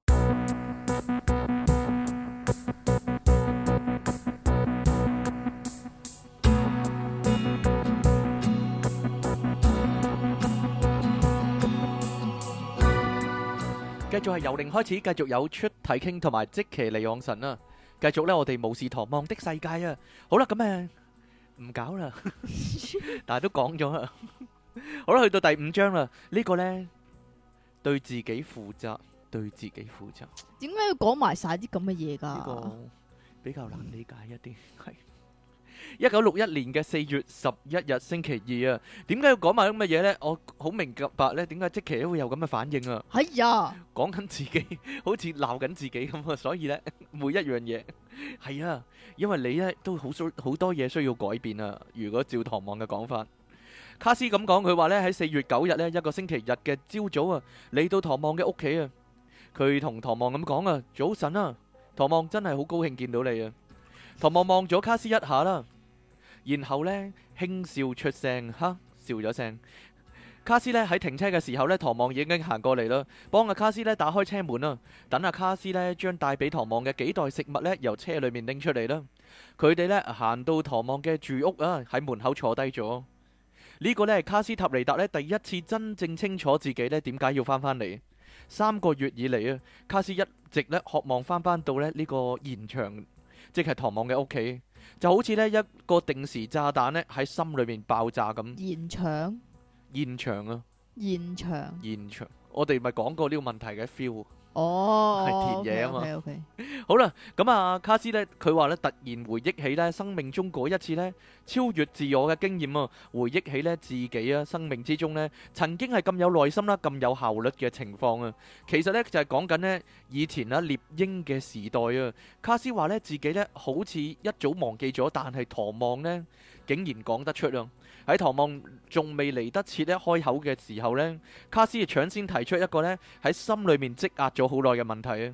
繼續係由零開始，繼續有出體傾同埋即期離岸神啦。繼續咧，我哋巫士唐望的世界啊。好啦，咁啊，唔搞啦，但係都講咗啦。好啦，去到第五章啦。呢個咧，對自己負責，對自己負責。點解要講埋晒啲咁嘅嘢噶？呢個比較難理解一啲，係。一九六一年嘅四月十一日星期二啊，點解要講埋咁嘅嘢呢？我好明白呢，點解即期都會有咁嘅反應啊？係啊，講緊自己，好似鬧緊自己咁啊，所以呢，每一樣嘢，係啊，因為你呢都好好好多嘢需要改變啊。如果照唐望嘅講法，卡斯咁講，佢話呢喺四月九日呢一個星期日嘅朝早啊，嚟到唐望嘅屋企啊，佢同唐望咁講啊，早晨啊，唐望真係好高興見到你啊。唐望望咗卡斯一下啦。然後咧，輕笑出聲，哈笑咗聲。卡斯咧喺停車嘅時候咧，唐望已經行過嚟啦，幫阿、啊、卡斯咧打開車門啊，等阿、啊、卡斯咧將帶俾唐望嘅幾袋食物咧由車裏面拎出嚟啦。佢哋咧行到唐望嘅住屋啊，喺門口坐低咗。這個、呢個咧，卡斯塔尼達咧第一次真正清楚自己咧點解要返返嚟。三個月以嚟啊，卡斯一直咧渴望返返到咧呢、這個現場，即係唐望嘅屋企。就好似呢一個定時炸彈呢喺心裏面爆炸咁，現場，現場啊，現場，現場，我哋咪講過呢個問題嘅 feel。哦，係田野啊嘛，好啦，咁啊，卡斯呢，佢話呢，突然回憶起呢，生命中嗰一次呢，超越自我嘅經驗啊、哦，回憶起呢，自己啊生命之中呢，曾經係咁有耐心啦、啊，咁有效率嘅情況啊，其實呢，就係講緊呢，以前啊獵鷹嘅時代啊，卡斯話呢，自己呢，好似一早忘記咗，但係唐望呢。竟然講得出啊！喺唐望仲未嚟得切呢開口嘅時候呢，卡斯啊搶先提出一個呢，喺心裏面積壓咗好耐嘅問題啊！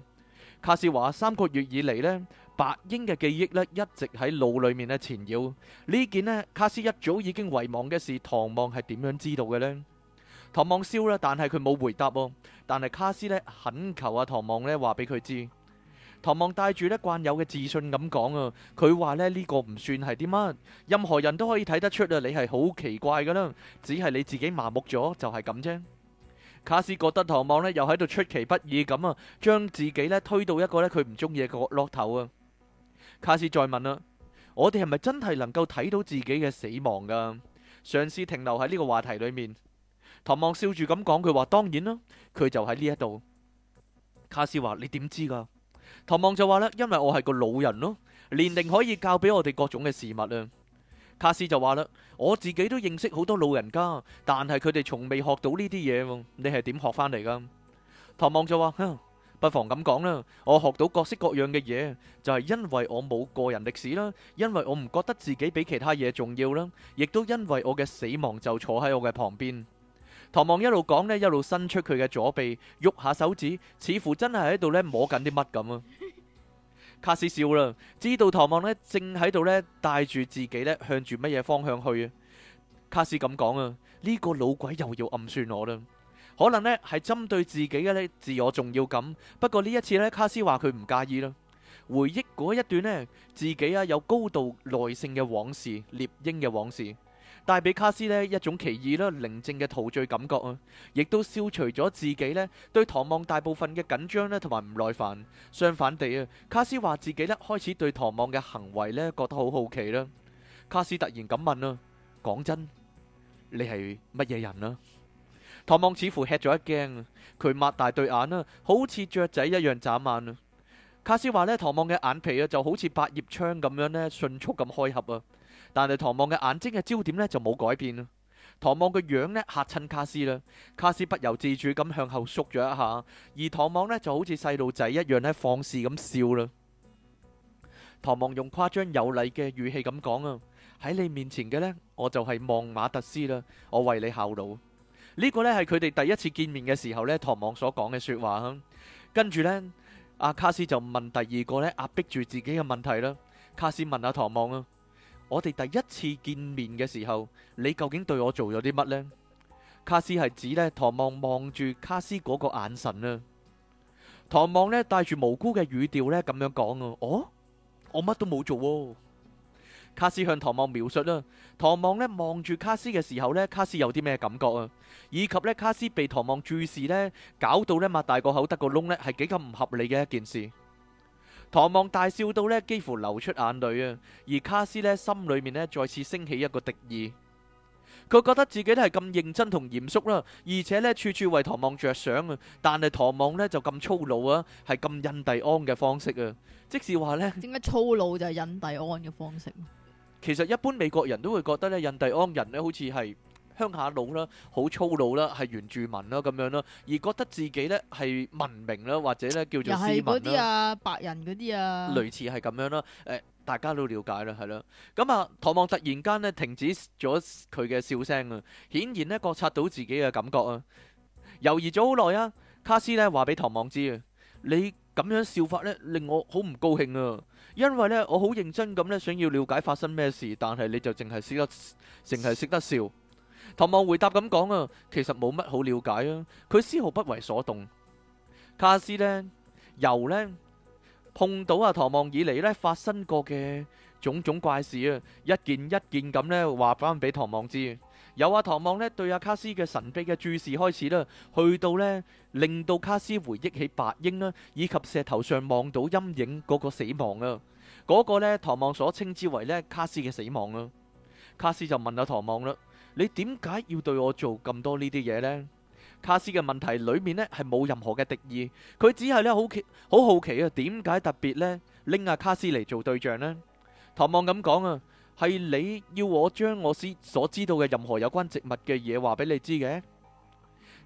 卡斯話三個月以嚟呢，白英嘅記憶呢一直喺腦裏面呢纏繞呢件呢，卡斯一早已經遺忘嘅事，唐望係點樣知道嘅呢？唐望笑啦，但係佢冇回答喎。但係卡斯呢，懇求阿唐望呢話俾佢知。唐望帶住呢慣有嘅自信咁講啊，佢話呢，呢個唔算係啲乜，任何人都可以睇得出啊。你係好奇怪噶啦，只係你自己麻木咗就係咁啫。卡斯覺得唐望呢又喺度出其不意咁啊，將自己呢推到一個呢佢唔中意嘅角落頭啊。卡斯再問啦，我哋係咪真係能夠睇到自己嘅死亡噶？嘗試停留喺呢個話題裏面，唐望笑住咁講，佢話當然啦，佢就喺呢一度。卡斯話你點知噶？唐望就話啦，因為我係個老人咯，年齡可以教俾我哋各種嘅事物啊。卡斯就話啦，我自己都認識好多老人家，但係佢哋從未學到呢啲嘢。你係點學翻嚟噶？唐望就話，哼，不妨咁講啦，我學到各式各樣嘅嘢，就係因為我冇個人歷史啦，因為我唔覺得自己比其他嘢重要啦，亦都因為我嘅死亡就坐喺我嘅旁邊。唐望一路講呢一路伸出佢嘅左臂，喐下手指，似乎真係喺度咧摸緊啲乜咁啊！卡斯笑啦，知道唐望咧正喺度咧帶住自己咧向住乜嘢方向去啊！卡斯咁講啊，呢個老鬼又要暗算我啦！可能呢係針對自己嘅咧自我重要感。不過呢一次咧，卡斯話佢唔介意啦。回憶嗰一段呢自己啊有高度耐性嘅往事，獵鷹嘅往事。帶俾卡斯呢一種奇異啦寧靜嘅陶醉感覺啊，亦都消除咗自己咧對唐望大部分嘅緊張咧同埋唔耐煩。相反地啊，卡斯話自己咧開始對唐望嘅行為咧覺得好好奇啦。卡斯突然咁問啊：講真，你係乜嘢人啊？唐望似乎吃咗一驚，佢擘大對眼啦，好似雀仔一樣眨眼啦。卡斯話咧，唐望嘅眼皮啊就好似百葉窗咁樣咧，迅速咁開合啊。但係，唐望嘅眼睛嘅焦點呢，就冇改變啦。唐望嘅樣呢，嚇親卡斯啦，卡斯不由自主咁向後縮咗一下，而唐望呢，就好似細路仔一樣呢，放肆咁笑啦。唐望用誇張有禮嘅語氣咁講啊，喺你面前嘅呢，我就係望馬特斯啦，我為你效勞。呢個呢，係佢哋第一次見面嘅時候呢，唐望所講嘅說話啊。跟住呢，阿卡斯就問第二個呢，壓迫住自己嘅問題啦。卡斯問阿唐望啊。我哋第一次見面嘅時候，你究竟對我做咗啲乜呢？卡斯係指呢，唐望望住卡斯嗰個眼神啊。唐望呢，帶住無辜嘅語調呢咁樣講啊，哦，我乜都冇做啊。卡斯向唐望描述啦，啊，唐望呢，望住卡斯嘅時候呢，卡斯有啲咩感覺啊？以及呢，卡斯被唐望注視呢，搞到呢擘大個口得個窿呢，係幾咁唔合理嘅一件事。唐望大笑到咧，幾乎流出眼淚啊！而卡斯咧心裏面咧，再次升起一個敵意。佢覺得自己咧係咁認真同嚴肅啦，而且呢，處處為唐望着想啊。但係唐望呢，就咁粗魯啊，係咁印第安嘅方式啊。即使話呢，點解粗魯就係印第安嘅方式？其實一般美國人都會覺得咧，印第安人咧好似係。鄉下佬啦，好粗魯啦，係原住民啦咁樣啦，而覺得自己呢，係文明啦，或者呢，叫做斯文啦。又係嗰啲啊，白人嗰啲啊。類似係咁樣啦，哎，大家都了解啦，係啦。咁、嗯、啊，唐望突然間呢，停止咗佢嘅笑聲啊，顯然呢，覺察到自己嘅感覺啊，猶豫咗好耐啊。卡斯呢話俾唐望知啊，你咁樣笑法呢，令我好唔高興啊，因為呢，我好認真咁呢，想要了解發生咩事，但係你就淨係識得淨係識得笑。唐望回答咁講啊，其實冇乜好了解啊，佢絲毫不為所動。卡斯呢，由呢碰到阿唐望以嚟，呢發生過嘅種種怪事啊，一件一件咁呢話翻俾唐望知。由阿唐望呢對阿卡斯嘅神秘嘅注視開始啦，去到呢令到卡斯回憶起白鷹啦，以及石頭上望到陰影嗰個死亡啊，嗰個呢，唐望所稱之為呢卡斯嘅死亡啊。卡斯就問阿唐望啦。你點解要對我做咁多呢啲嘢呢？卡斯嘅問題裏面呢係冇任何嘅敵意，佢只係呢好好好奇啊，點解特別呢拎阿卡斯嚟做對象呢？唐望咁講啊，係你要我將我所知道嘅任何有關植物嘅嘢話俾你知嘅？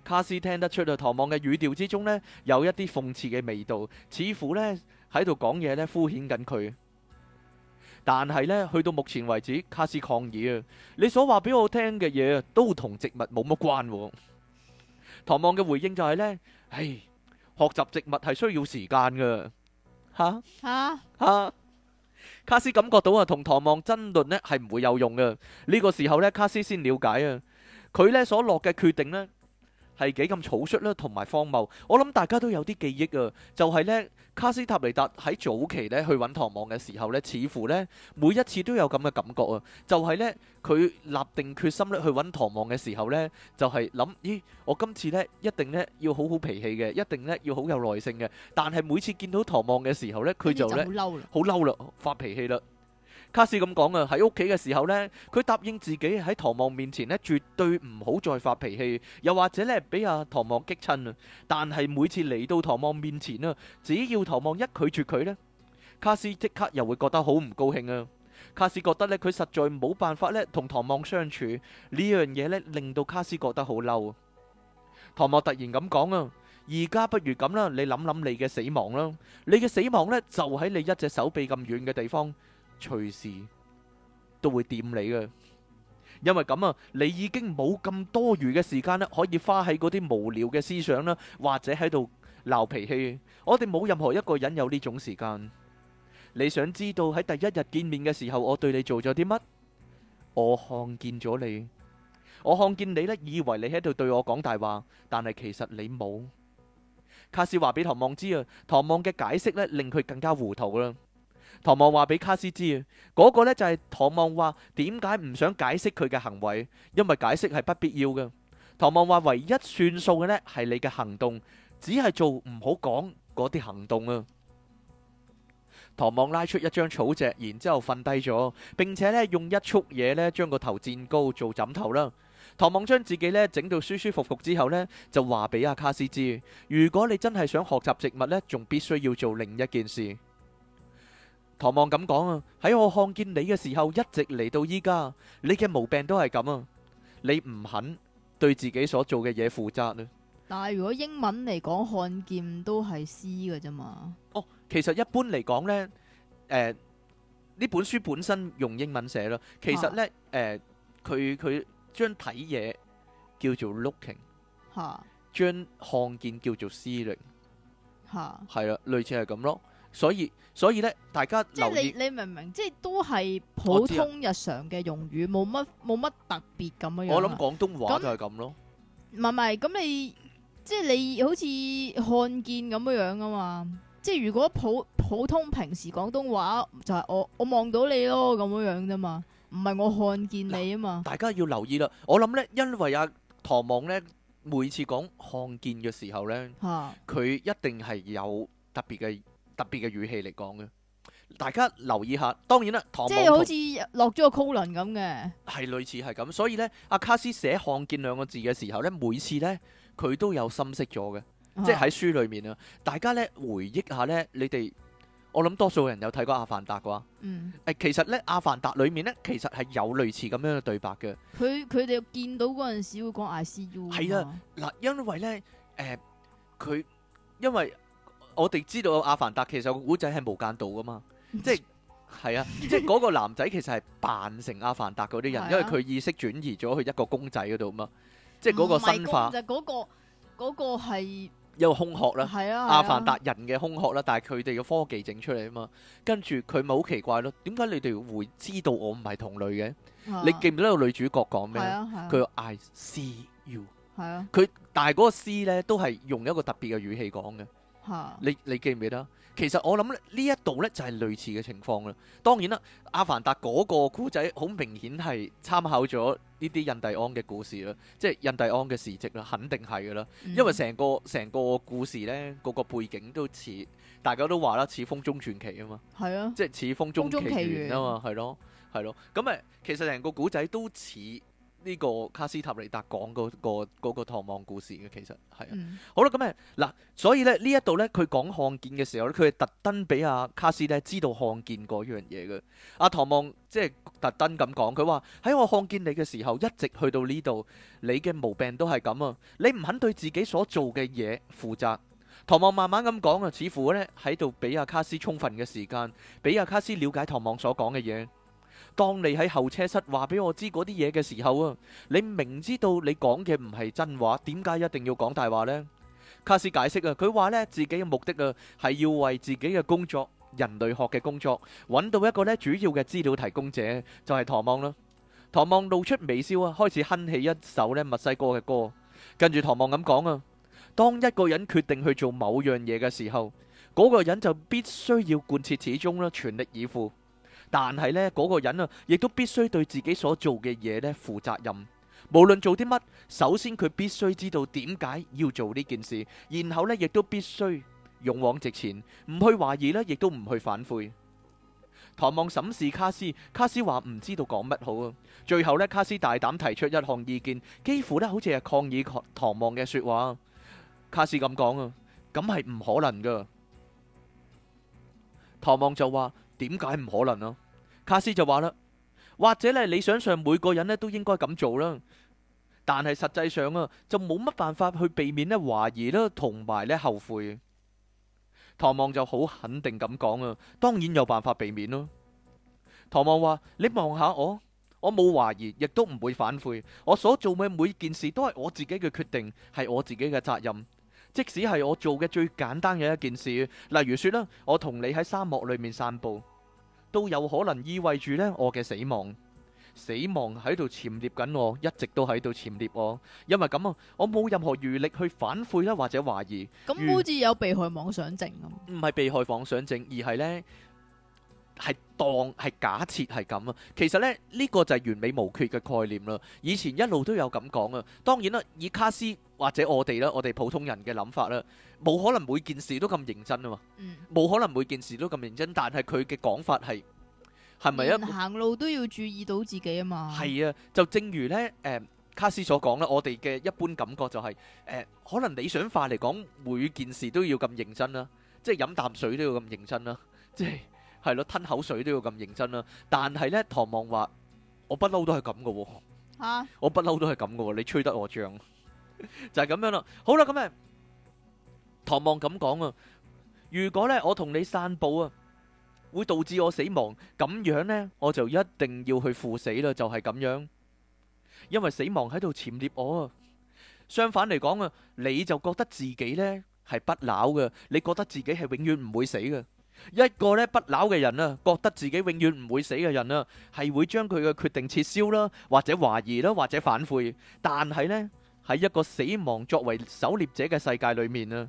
卡斯聽得出啊，唐望嘅語調之中呢，有一啲諷刺嘅味道，似乎呢喺度講嘢呢，敷衍緊佢。但係呢，去到目前為止，卡斯抗議啊，你所話俾我聽嘅嘢都同植物冇乜關啊。唐望嘅回應就係呢：「唉，學習植物係需要時間噶。」吓吓吓，卡斯感覺到啊，同唐望爭論呢係唔會有用嘅。呢個時候呢，卡斯先了解啊，佢呢所落嘅決定呢，係幾咁草率啦，同埋荒謬。我諗大家都有啲記憶啊，就係呢卡斯塔尼達喺早期呢去搵唐望嘅時候呢，似乎呢每一次都有咁嘅感覺啊。就係呢，佢立定決心咧去搵唐望嘅時候呢，就係諗咦，我今次呢一定呢要好好脾氣嘅，一定呢要好有耐性嘅。但係每次見到唐望嘅時候呢，佢就呢就好嬲啦，發脾氣啦。卡斯咁講啊，喺屋企嘅時候呢，佢答應自己喺唐望面前咧，絕對唔好再發脾氣，又或者咧俾阿唐望激親啊。但係每次嚟到唐望面前啊，只要唐望一拒絕佢呢，卡斯即刻又會覺得好唔高興啊。卡斯覺得呢，佢實在冇辦法呢同唐望相處，呢樣嘢呢令到卡斯覺得好嬲啊。唐望突然咁講啊，而家不如咁啦，你諗諗你嘅死亡啦，你嘅死亡呢，就喺你一隻手臂咁遠嘅地方。隨時都會掂你嘅，因為咁啊，你已經冇咁多餘嘅時間啦，可以花喺嗰啲無聊嘅思想啦，或者喺度鬧脾氣。我哋冇任何一個人有呢種時間。你想知道喺第一日見面嘅時候，我對你做咗啲乜？我看見咗你，我看見你呢，以為你喺度對我講大話，但係其實你冇。卡士話俾唐望知啊，唐望嘅解釋呢，令佢更加糊塗啦。唐望話俾卡斯知嗰個呢就係唐望話點解唔想解釋佢嘅行為，因為解釋係不必要嘅。唐望話唯一算數嘅呢係你嘅行動，只係做唔好講嗰啲行動啊。唐望拉出一張草席，然之後瞓低咗，並且呢用一束嘢呢將個頭墊高做枕頭啦。唐望將自己呢整到舒舒服服之後呢，就話俾阿卡斯知，如果你真係想學習植物呢，仲必須要做另一件事。唐望咁講啊，喺我看見你嘅時候，一直嚟到依家，你嘅毛病都係咁啊！你唔肯對自己所做嘅嘢負責咧。但係如果英文嚟講，看見都係 see 㗎啫嘛。哦，其實一般嚟講咧，誒，呢本書本身用英文寫咯。其實咧，誒，佢佢將睇嘢叫做 looking，吓，將看見叫做 seeing，吓，係啊，類似係咁咯。所以所以咧，大家留意。即係你你明唔明？即係都係普通日常嘅用語，冇乜冇乜特別咁樣樣。我諗廣東話就係咁咯。唔係唔係，咁你即係你好似看見咁樣樣啊嘛？即係如果普普通平時廣東話就係、是、我我望到你咯咁樣樣啫嘛，唔係我看見你啊嘛。大家要留意啦！我諗咧，因為阿、啊、唐望咧，每次講看見嘅時候咧，佢、啊、一定係有特別嘅。特別嘅語氣嚟講嘅，大家留意下。當然啦，唐即係好似落咗個 colon 咁嘅，係類似係咁。所以咧，阿卡斯寫“看見”兩個字嘅時候咧，每次咧佢都有深色咗嘅，啊、即係喺書裏面啊。大家咧回憶下咧，你哋我諗多數人有睇過阿凡達啩。嗯，誒，其實咧阿凡達裏面咧，其實係有類似咁樣嘅對白嘅。佢佢哋見到嗰陣時會講 I see you。係啊，嗱，因為咧，誒、呃，佢因為。我哋知道阿凡達其實個古仔係無間道噶嘛，即係係啊，即係嗰個男仔其實係扮成阿凡達嗰啲人， 啊、因為佢意識轉移咗去一個公仔嗰度，啊啊啊、嘛，即係嗰個生化，其實嗰個嗰個係有空殼啦，係啊，阿凡達人嘅空殼啦，但係佢哋嘅科技整出嚟啊嘛，跟住佢咪好奇怪咯？點解你哋會知道我唔係同類嘅？啊、你記唔記得個女主角講咩咧？佢、啊啊、I see you，係啊，佢但係嗰個 C 咧都係用一個特別嘅語氣講嘅。你你記唔記得？其實我諗呢一度呢就係類似嘅情況啦。當然啦，阿凡達嗰個古仔好明顯係參考咗呢啲印第安嘅故事啦，即係印第安嘅事跡啦，肯定係噶啦。因為成個成個故事呢，嗰個背景都似，大家都話啦，似風中傳奇啊嘛，係啊，即係似風中奇緣啊嘛，係咯係咯。咁誒，其實成個古仔都似。呢個卡斯塔尼達講嗰、嗰個唐望、嗰個、故事嘅，其實係啊，嗯、好啦，咁啊嗱，所以咧呢一度咧，佢講看見嘅時候咧，佢係特登俾阿卡斯咧知道看見嗰樣嘢嘅。阿唐望即係特登咁講，佢話喺我看見你嘅時候，一直去到呢度，你嘅毛病都係咁啊，你唔肯對自己所做嘅嘢負責。唐望慢慢咁講啊，似乎咧喺度俾阿卡斯充分嘅時間，俾阿、啊、卡斯了解唐望所講嘅嘢。當你喺候車室，話俾我知嗰啲嘢嘅時候啊，你明知道你講嘅唔係真話，點解一定要講大話呢？卡斯解釋啊，佢話呢自己嘅目的啊係要為自己嘅工作，人類學嘅工作，揾到一個呢主要嘅資料提供者，就係唐望啦。唐望露出微笑啊，開始哼起一首呢墨西哥嘅歌。跟住唐望咁講啊，當一個人決定去做某樣嘢嘅時候，嗰個人就必須要貫徹始終啦，全力以赴。但係呢，嗰個人啊，亦都必須對自己所做嘅嘢呢負責任。無論做啲乜，首先佢必須知道點解要做呢件事，然後呢亦都必須勇往直前，唔去懷疑呢亦都唔去反悔。唐望審視卡斯，卡斯話唔知道講乜好啊。最後呢，卡斯大膽提出一項意見，幾乎呢好似係抗議唐望嘅說話。卡斯咁講啊，咁係唔可能噶。唐望就話。點解唔可能啊？卡斯就話啦，或者呢理想上每個人呢都應該咁做啦，但係實際上啊就冇乜辦法去避免呢懷疑啦，同埋呢後悔。唐望就好肯定咁講啊，當然有辦法避免咯。唐望話：你望下我，我冇懷疑，亦都唔會反悔。我所做嘅每件事都係我自己嘅決定，係我自己嘅責任。即使係我做嘅最簡單嘅一件事，例如說呢，我同你喺沙漠裏面散步。都有可能意味住呢，我嘅死亡，死亡喺度潛獵緊我，一直都喺度潛獵我，因為咁啊，我冇任何餘力去反悔啦，或者懷疑。咁好似如有被害妄想症咁。唔係被害妄想症，而係呢，係當係假設係咁啊。其實呢，呢、呢個就係完美無缺嘅概念啦。以前一路都有咁講啊。當然啦，以卡斯。或者我哋啦，我哋普通人嘅諗法啦，冇可能每件事都咁認真啊嘛，嗯，冇可能每件事都咁認真，但係佢嘅講法係，係咪啊？行路都要注意到自己啊嘛。係啊，就正如咧，誒，卡斯所講啦，我哋嘅一般感覺就係，誒，可能理想化嚟講，每件事都要咁認真啦，即係飲啖水都要咁認真啦，即係係咯，吞口水都要咁認真啦。但係咧，唐望話，我不嬲都係咁㗎喎，我不嬲都係咁㗎喎，你吹得我脹。就係咁樣啦，好啦，咁啊，唐望咁講啊，如果咧我同你散步啊，會導致我死亡，咁樣咧我就一定要去赴死啦，就係咁樣，因為死亡喺度潛獵我啊。相反嚟講啊，你就覺得自己咧係不朽嘅，你覺得自己係永遠唔會死嘅。一個咧不朽嘅人啊，覺得自己永遠唔會死嘅人啊，係會將佢嘅決定撤銷啦，或者懷疑啦，或者反悔，但係咧。喺一個死亡作為狩獵者嘅世界裏面啦，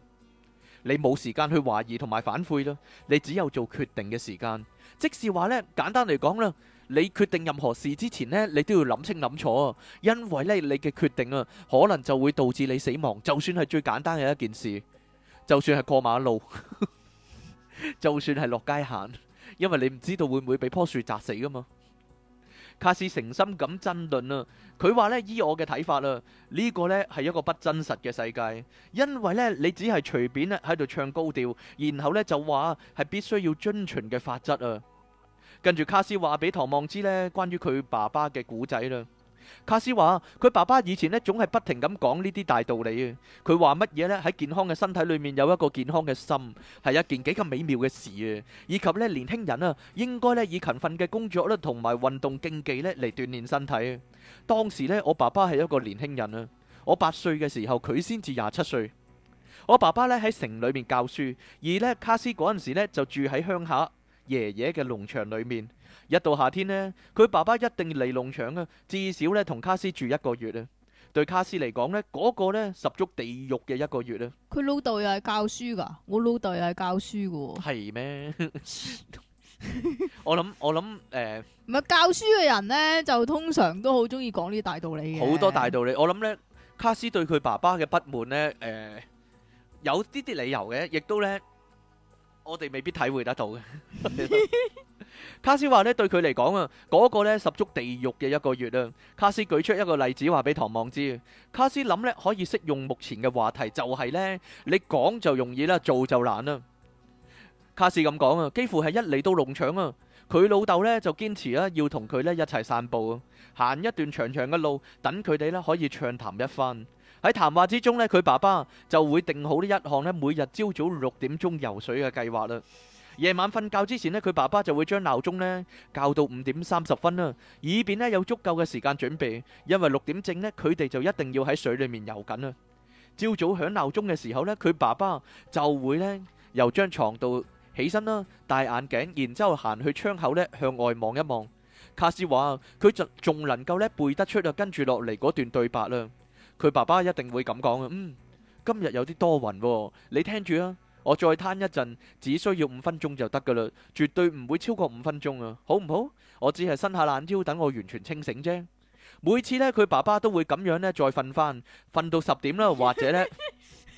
你冇時間去懷疑同埋反悔啦，你只有做決定嘅時間。即是話咧，簡單嚟講啦，你決定任何事之前咧，你都要諗清諗楚啊，因為咧你嘅決定啊，可能就會導致你死亡。就算係最簡單嘅一件事，就算係過馬路， 就算係落街行，因為你唔知道會唔會俾棵樹砸死㗎嘛。卡斯誠心咁爭論啦，佢話呢，依我嘅睇法啦，呢、呢個呢係一個不真實嘅世界，因為呢，你只係隨便咧喺度唱高調，然後呢就話係必須要遵循嘅法則啊。跟住卡斯話俾唐望知呢關於佢爸爸嘅古仔啦。卡斯話佢爸爸以前呢總係不停咁講呢啲大道理啊！佢話乜嘢呢？喺健康嘅身體裏面有一個健康嘅心係一件幾咁美妙嘅事啊！以及呢，年輕人啊，應該呢以勤奮嘅工作咧同埋運動競技呢嚟鍛煉身體啊！當時呢我爸爸係一個年輕人啊，我八歲嘅時候佢先至廿七歲。我爸爸呢喺城裏面教書，而呢卡斯嗰陣時呢就住喺鄉下。爺爺嘅農場裏面，一到夏天咧，佢爸爸一定嚟農場啊，至少咧同卡斯住一個月啊。對卡斯嚟講咧，嗰個咧十足地獄嘅一個月啊。佢老豆又係教書噶，我老豆又係教書噶。係咩？我諗我諗誒，唔係教書嘅人咧，就通常都好中意講呢啲大道理嘅。好多大道理，我諗咧，卡斯對佢爸爸嘅不滿咧，誒，有啲啲理由嘅，亦都咧。我哋未必體會得到嘅。卡斯話咧，對佢嚟講啊，嗰個咧十足地獄嘅一個月啦。卡斯舉出一個例子，話俾唐望知。卡斯諗咧，可以適用目前嘅話題，就係咧，你講就容易啦，做就難啦。卡斯咁講啊，幾乎係一嚟到農場啊，佢老豆咧就堅持啦，要同佢咧一齊散步啊，行一段長長嘅路，等佢哋啦可以暢談一番。喺談話之中咧，佢爸爸就會定好呢一項咧，每日朝早六點鐘游水嘅計劃啦。夜晚瞓覺之前咧，佢爸爸就會將鬧鐘咧校到五點三十分啦，以便咧有足夠嘅時間準備。因為六點正咧，佢哋就一定要喺水裏面游緊啦。朝早響鬧鐘嘅時候咧，佢爸爸就會咧由張床度起身啦，戴眼鏡，然之後行去窗口咧向外望一望。卡斯話佢就仲能夠咧背得出啊，跟住落嚟嗰段對白啦。佢爸爸一定會咁講嘅，嗯，今日有啲多雲喎，你聽住啦，我再攤一陣，只需要五分鐘就得噶啦，絕對唔會超過五分鐘啊，好唔好？我只係伸下懶腰，等我完全清醒啫。每次呢，佢爸爸都會咁樣呢，再瞓翻，瞓到十點啦，或者呢，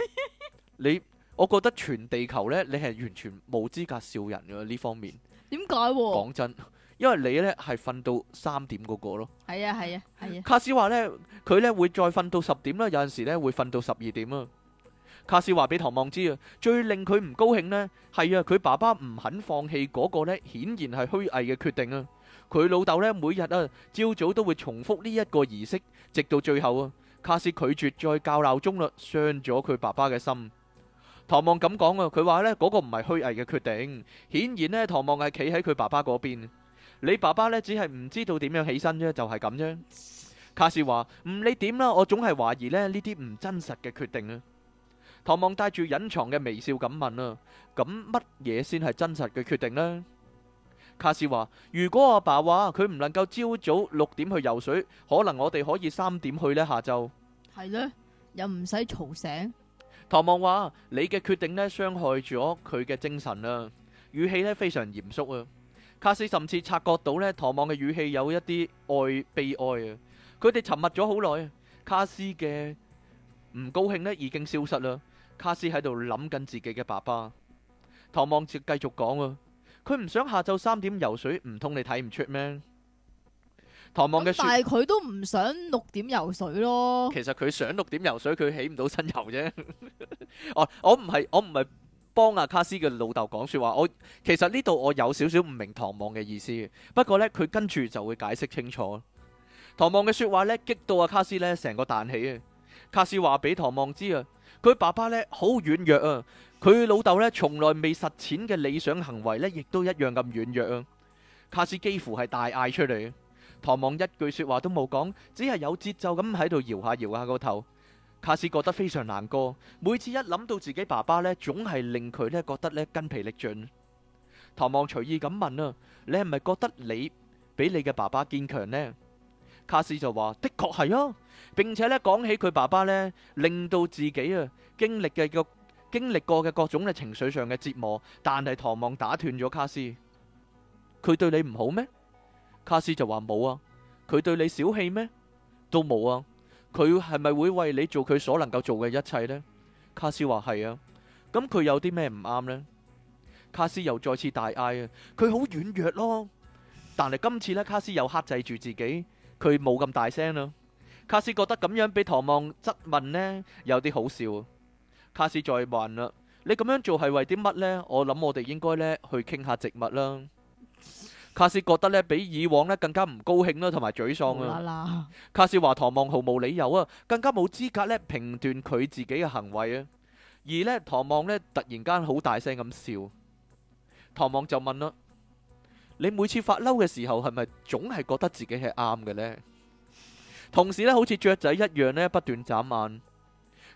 你，我覺得全地球呢，你係完全冇資格笑人嘅，呢方面。點解？講真。因為你呢係瞓到三點嗰個咯。係啊係啊係啊卡。卡斯話呢，佢呢會再瞓到十點啦，有陣時呢會瞓到十二點啊。卡斯話俾唐望知啊，最令佢唔高興呢係啊佢爸爸唔肯放棄嗰個呢顯然係虛偽嘅決定啊。佢老豆呢每日啊朝早都會重複呢一個儀式，直到最後啊，卡斯拒絕再校鬧鐘啦，傷咗佢爸爸嘅心。唐望咁講啊，佢話呢嗰、嗰個唔係虛偽嘅決定，顯然呢，唐望係企喺佢爸爸嗰邊。你爸爸咧只係唔知道點樣起身啫，就係咁啫。卡士話：唔理點啦，我總係懷疑咧呢啲唔真實嘅決定啊。唐望帶住隱藏嘅微笑咁問啦：咁乜嘢先係真實嘅決定呢？卡士話：如果阿爸話佢唔能夠朝早六點去游水，可能我哋可以三點去呢，下晝。係呢？又唔使嘈醒。唐望話：你嘅決定呢，傷害咗佢嘅精神啦、啊，語氣呢，非常嚴肅啊。卡斯甚至察覺到咧，唐望嘅語氣有一啲愛悲哀啊！佢哋沉默咗好耐，卡斯嘅唔高興咧已經消失啦。卡斯喺度諗緊自己嘅爸爸。唐望就繼續講啊，佢唔想下晝三點游水，唔通你睇唔出咩？唐望嘅，但係佢都唔想六點游水咯。其實佢想六點游水，佢起唔到身游啫。哦，我唔係，我唔係。幫阿、啊、卡斯嘅老豆講說話，我其實呢度我有少少唔明唐望嘅意思，不過呢，佢跟住就會解釋清楚。唐望嘅說話呢，激到阿卡斯呢成個彈起啊！卡斯話俾唐望知啊，佢爸爸呢，好軟弱啊，佢老豆呢，從來未實踐嘅理想行為呢，亦都一樣咁軟弱啊！卡斯幾乎係大嗌出嚟，唐望一句說話都冇講，只係有節奏咁喺度搖下搖下個頭。卡斯覺得非常難過，每次一諗到自己爸爸呢，總係令佢呢覺得呢筋疲力盡。唐望隨意咁問啊：你係咪覺得你比你嘅爸爸堅強呢？卡斯就話：的確係啊，並且呢講起佢爸爸呢，令到自己啊經歷嘅經歷過嘅各種嘅情緒上嘅折磨。但係唐望打斷咗卡斯：佢對你唔好咩？卡斯就話冇啊，佢對你小氣咩？都冇啊。佢係咪會為你做佢所能夠做嘅一切呢？卡斯話係啊，咁佢有啲咩唔啱呢？卡斯又再次大嗌啊！佢好軟弱咯，但係今次呢，卡斯又克制住自己，佢冇咁大聲啊。卡斯覺得咁樣俾唐望質問呢，有啲好笑。卡斯再問啦、啊：你咁樣做係為啲乜呢？我諗我哋應該呢去傾下植物啦。卡斯覺得呢比以往呢更加唔高興咯、啊，同埋沮喪。卡斯話：唐望毫無理由啊，更加冇資格呢評斷佢自己嘅行為啊。而呢唐望呢突然間好大聲咁笑，唐望就問啦、啊：「你每次發嬲嘅時候，係咪總係覺得自己係啱嘅呢？」同時呢好似雀仔一樣呢不斷眨眼。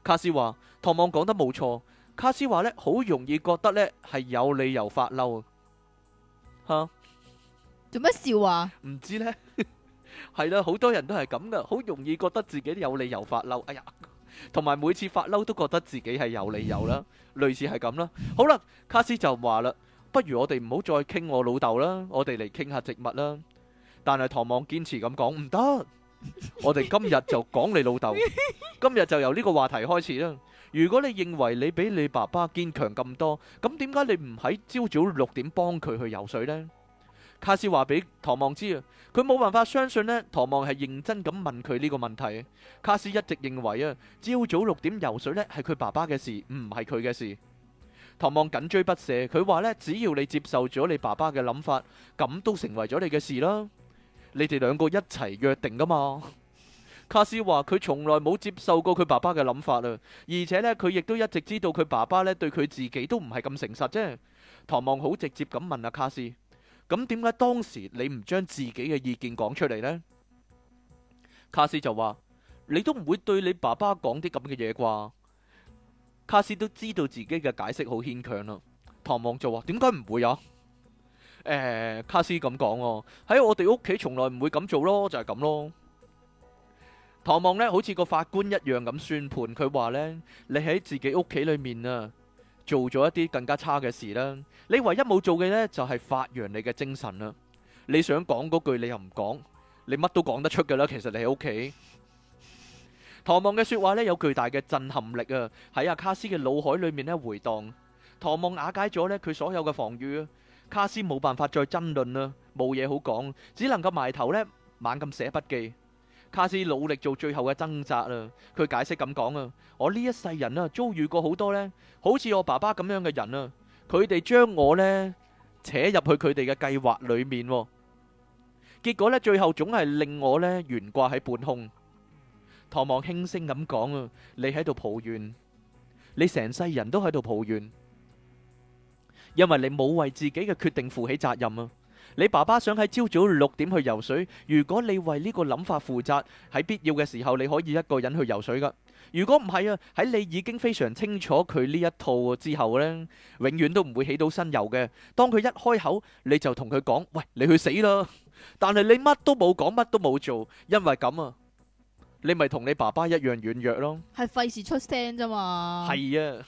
卡斯話：唐望講得冇錯。卡斯話呢好容易覺得呢係有理由發嬲啊吓。哈做咩笑啊？唔知呢，係 啦，好多人都係咁噶好容易覺得自己有理由發嬲。哎呀，同埋每次發嬲都覺得自己係有理由啦，類似係咁啦。好啦，卡斯就話啦，不如我哋唔好再傾我老豆啦，我哋嚟傾下植物啦。但係唐望堅持咁講唔得， 我哋今日就講你老豆， 今日就由呢個話題開始啦。如果你認為你比你爸爸堅強咁多，咁點解你唔喺朝早六點幫佢去游水呢？卡斯話俾唐望知啊，佢冇辦法相信呢。唐望係認真咁問佢呢個問題。卡斯一直認為啊，朝早六點游水咧係佢爸爸嘅事，唔係佢嘅事。唐望緊追不捨，佢話咧，只要你接受咗你爸爸嘅諗法，咁都成為咗你嘅事啦。你哋兩個一齊約定噶嘛？卡斯話佢從來冇接受過佢爸爸嘅諗法啊，而且呢，佢亦都一直知道佢爸爸咧對佢自己都唔係咁誠實啫。唐望好直接咁問阿卡斯，咁點解當時你唔將自己嘅意見講出嚟呢？卡斯就話：你都唔會對你爸爸講啲咁嘅嘢啩？卡斯都知道自己嘅解釋好牽強啦。唐望就話：點解唔會啊？誒，卡斯咁講喎，喺我哋屋企從來唔會咁做咯，就係咁咯。唐望呢好似個法官一樣咁宣判，佢話呢，你喺自己屋企裏面啊，做咗一啲更加差嘅事啦。你唯一冇做嘅呢，就係發揚你嘅精神啦。你想講嗰句你，你又唔講，你乜都講得出噶啦。其實你喺屋企，唐望嘅說話呢，有巨大嘅震撼力啊，喺阿卡斯嘅腦海裏面呢回蕩。唐望瓦解咗呢佢所有嘅防禦，卡斯冇辦法再爭論啦，冇嘢好講，只能夠埋頭呢，猛咁寫筆記。卡斯努力做最後嘅掙扎啊，佢解釋咁講啊：我呢一世人啊遭遇過好多咧，好似我爸爸咁樣嘅人啊，佢哋將我咧扯入去佢哋嘅計劃裏面，結果咧最後總係令我咧懸掛喺半空。唐望輕聲咁講啊：你喺度抱怨，你成世人都喺度抱怨，因為你冇為自己嘅決定負起責任啊！你爸爸想喺朝早六點去游水，如果你為呢個諗法負責，喺必要嘅時候你可以一個人去游水噶。如果唔係啊，喺你已經非常清楚佢呢一套之後呢，永遠都唔會起到身游嘅。當佢一開口，你就同佢講：喂，你去死啦！但係你乜都冇講，乜都冇做，因為咁啊，你咪同你爸爸一樣軟弱咯。係費事出聲啫嘛。係啊，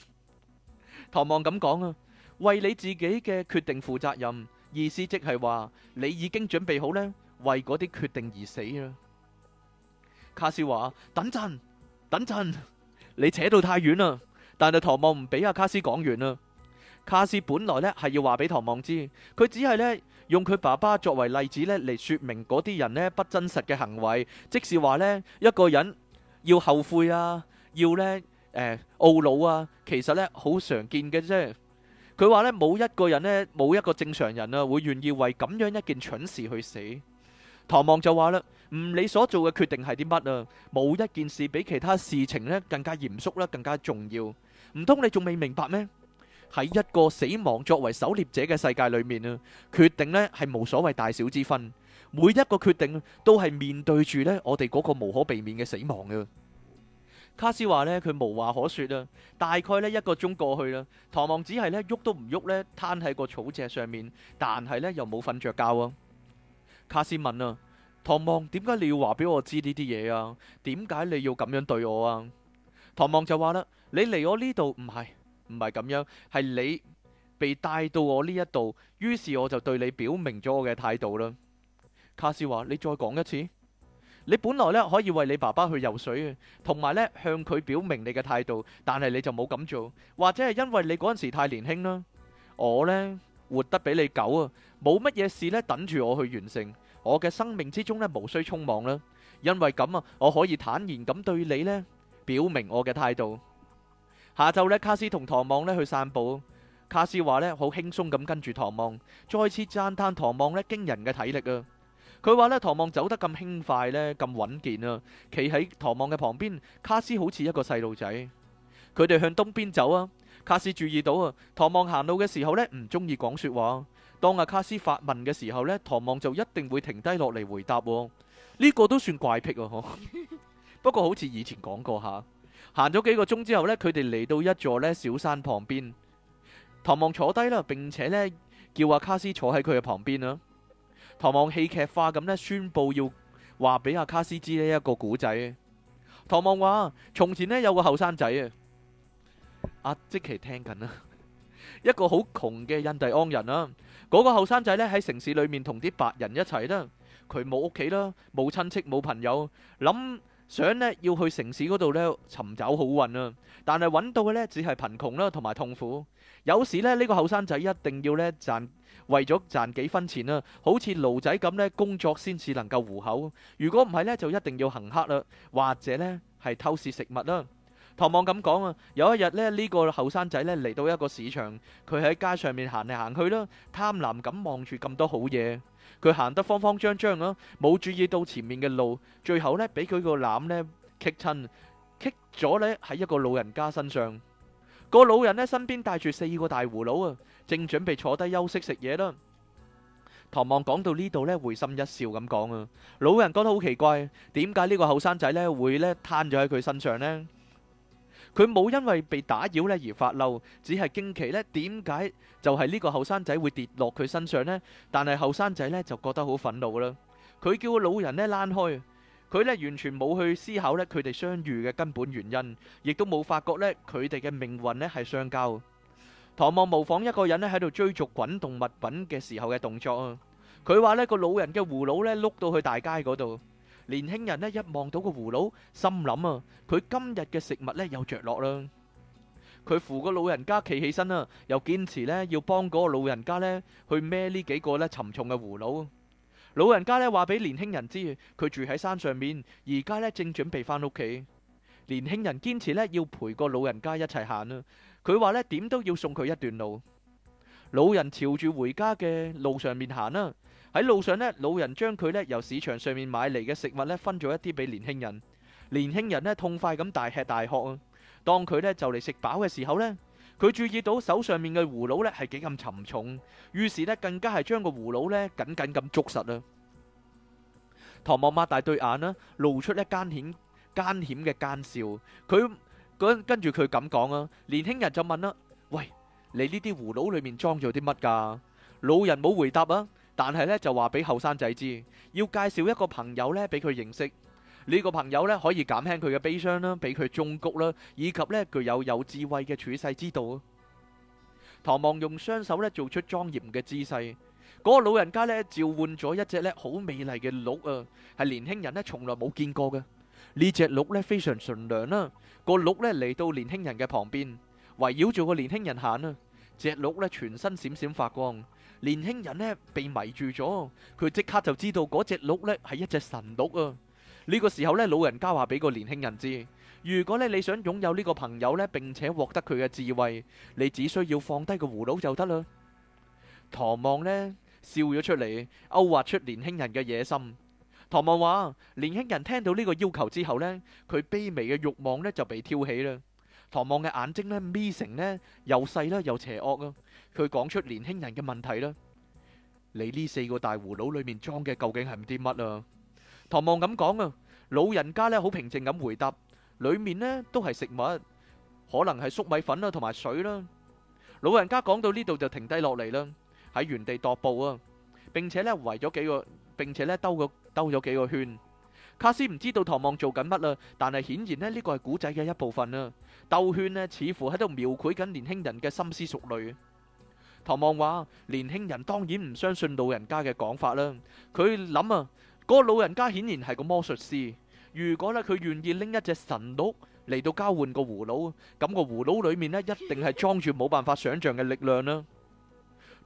唐望咁講啊，為你自己嘅決定負責任。意思即係話你已經準備好呢，為嗰啲決定而死啦。卡斯話：等陣，等陣，你扯到太遠啦。但係唐望唔俾阿卡斯講完啦。卡斯本來呢係要話俾唐望知，佢只係呢用佢爸爸作為例子呢嚟說明嗰啲人呢不真實嘅行為，即是話呢一個人要後悔啊，要呢呃、懊惱啊，其實呢，好常見嘅啫。佢話咧，冇一個人咧，冇一個正常人啊，會願意為咁樣一件蠢事去死。唐望就話啦，唔理所做嘅決定係啲乜啊，冇一件事比其他事情咧更加嚴肅啦，更加重要。唔通你仲未明白咩？喺一個死亡作為狩獵者嘅世界裏面啊，決定咧係無所謂大小之分，每一個決定都係面對住咧我哋嗰個無可避免嘅死亡嘅。卡斯話呢，佢無話可說啦，大概呢一個鐘過去啦。唐望只係呢喐都唔喐呢，攤喺個草席上面，但係呢又冇瞓着覺啊。卡斯問啊，唐望點解你要話俾我知呢啲嘢啊？點解你要咁樣對我啊？唐望就話啦，你嚟我呢度唔係，唔係咁樣，係你被帶到我呢一度，於是我就對你表明咗我嘅態度啦。卡斯話，你再講一次。你本來呢可以為你爸爸去游水嘅，同埋呢向佢表明你嘅態度，但係你就冇咁做，或者係因為你嗰陣時太年輕啦。我呢，活得比你久啊，冇乜嘢事呢等住我去完成，我嘅生命之中呢，無需匆忙啦。因為咁啊，我可以坦然咁對你呢表明我嘅態度。下晝呢，卡斯同唐望呢去散步，卡斯話呢好輕鬆咁跟住唐望，再次讚嘆唐望呢驚人嘅體力啊！佢話呢，唐望走得咁輕快呢，咁穩健啊！企喺唐望嘅旁邊，卡斯好似一個細路仔。佢哋向東邊走啊。卡斯注意到啊，唐望行路嘅時候呢，唔中意講說話。當阿、啊、卡斯發問嘅時候呢，唐望就一定會停低落嚟回答、啊。呢、這個都算怪癖哦、啊。 不過好似以前講過下。行咗幾個鐘之後呢，佢哋嚟到一座呢小山旁邊。唐望坐低啦，並且呢，叫阿、啊、卡斯坐喺佢嘅旁邊啊。唐望戲劇化咁呢，宣佈要話俾阿卡斯茲呢一個古仔。唐望話：從前呢，有個後生仔啊，阿即奇聽緊啦，一個好窮嘅印第安人啊。嗰個後生仔呢，喺城市裏面同啲白人一齊啦，佢冇屋企啦，冇親戚，冇朋友，諗想呢，要去城市嗰度呢尋找好運啊。但係揾到嘅呢，只係貧窮啦，同埋痛苦。有時咧，呢個後生仔一定要呢，賺，為咗賺幾分錢啊，好似奴仔咁呢，工作先至能夠糊口。如果唔係呢，就一定要行黑啦，或者呢，係偷竊食物啦。唐望咁講啊，有一日呢，呢個後生仔呢嚟到一個市場，佢喺街上面行嚟行去啦，貪婪咁望住咁多好嘢，佢行得慌慌張張啊，冇注意到前面嘅路，最後呢，俾佢個籃呢，棘親，棘咗呢，喺一個老人家身上。個老人咧身邊帶住四個大葫蘆啊，正準備坐低休息食嘢啦。唐望講到呢度咧，會心一笑咁講啊。老人覺得好奇怪，點解呢個後生仔咧會咧攤咗喺佢身上咧？佢冇因為被打擾咧而發嬲，只係驚奇咧點解就係呢個後生仔會跌落佢身上咧？但係後生仔咧就覺得好憤怒啦，佢叫個老人咧躝開。佢咧完全冇去思考咧佢哋相遇嘅根本原因，亦都冇發覺咧佢哋嘅命運咧係相交。唐望模仿一個人咧喺度追逐滾動物品嘅時候嘅動作啊！佢話咧個老人嘅葫蘆咧碌到去大街嗰度，年輕人咧一望到個葫蘆，心諗啊，佢今日嘅食物咧有着落啦！佢扶個老人家企起身啊，又堅持咧要幫嗰個老人家咧去孭呢幾個咧沉重嘅葫蘆。老人家呢話俾年輕人知，佢住喺山上面，而家呢正準備返屋企。年輕人堅持呢要陪個老人家一齊行啦。佢話呢點都要送佢一段路。老人朝住回家嘅路上面行啦。喺路上呢，老人將佢呢由市場上面買嚟嘅食物呢分咗一啲俾年輕人。年輕人呢痛快咁大吃大喝啊。當佢呢就嚟食飽嘅時候呢。佢注意到手上面嘅葫蘆咧係幾咁沉重，於是咧更加係將個葫蘆咧緊緊咁捉實啦。唐望擘大對眼啦，露出一奸險奸險嘅奸笑。佢咁跟住佢咁講啦，年輕人就問啦：喂，你呢啲葫蘆裏面裝咗啲乜噶？老人冇回答啊，但係咧就話俾後生仔知，要介紹一個朋友咧俾佢認識。呢個朋友咧可以減輕佢嘅悲傷啦，俾佢中谷啦，以及咧具有有智慧嘅處世之道。唐望用雙手咧做出莊嚴嘅姿勢，嗰個老人家咧召喚咗一隻咧好美麗嘅鹿啊，係年輕人咧從來冇見過嘅。呢隻鹿咧非常純良啦，個鹿咧嚟到年輕人嘅旁邊，圍繞住個年輕人行啊。隻鹿咧全身閃閃發光，年輕人咧被迷住咗，佢即刻就知道嗰隻鹿咧係一隻神鹿啊！呢個時候呢，老人家話俾個年輕人知：如果呢，你想擁有呢個朋友呢，並且獲得佢嘅智慧，你只需要放低個葫蘆就得啦。唐望呢笑咗出嚟，勾畫出年輕人嘅野心。唐望話：年輕人聽到呢個要求之後呢，佢卑微嘅欲望呢就被挑起啦。唐望嘅眼睛呢，眯成呢又細啦又邪惡啊！佢講出年輕人嘅問題啦：你呢四個大葫蘆裏面裝嘅究竟係啲乜啊？唐望咁講啊，老人家咧好平靜咁回答，裏面咧都係食物，可能係粟米粉啦，同埋水啦。老人家講到呢度就停低落嚟啦，喺原地踱步啊，並且咧圍咗幾個，並且咧兜個兜咗幾個圈。卡斯唔知道唐望做緊乜啦，但係顯然咧呢個係古仔嘅一部分啊。兜圈咧似乎喺度描繪緊年輕人嘅深思熟慮。唐望話：年輕人當然唔相信老人家嘅講法啦，佢諗啊。個老人家顯然係個魔術師。如果呢，佢願意拎一隻神鹿嚟到交換個葫蘆，咁、那個葫蘆裏面呢，一定係裝住冇辦法想象嘅力量啦。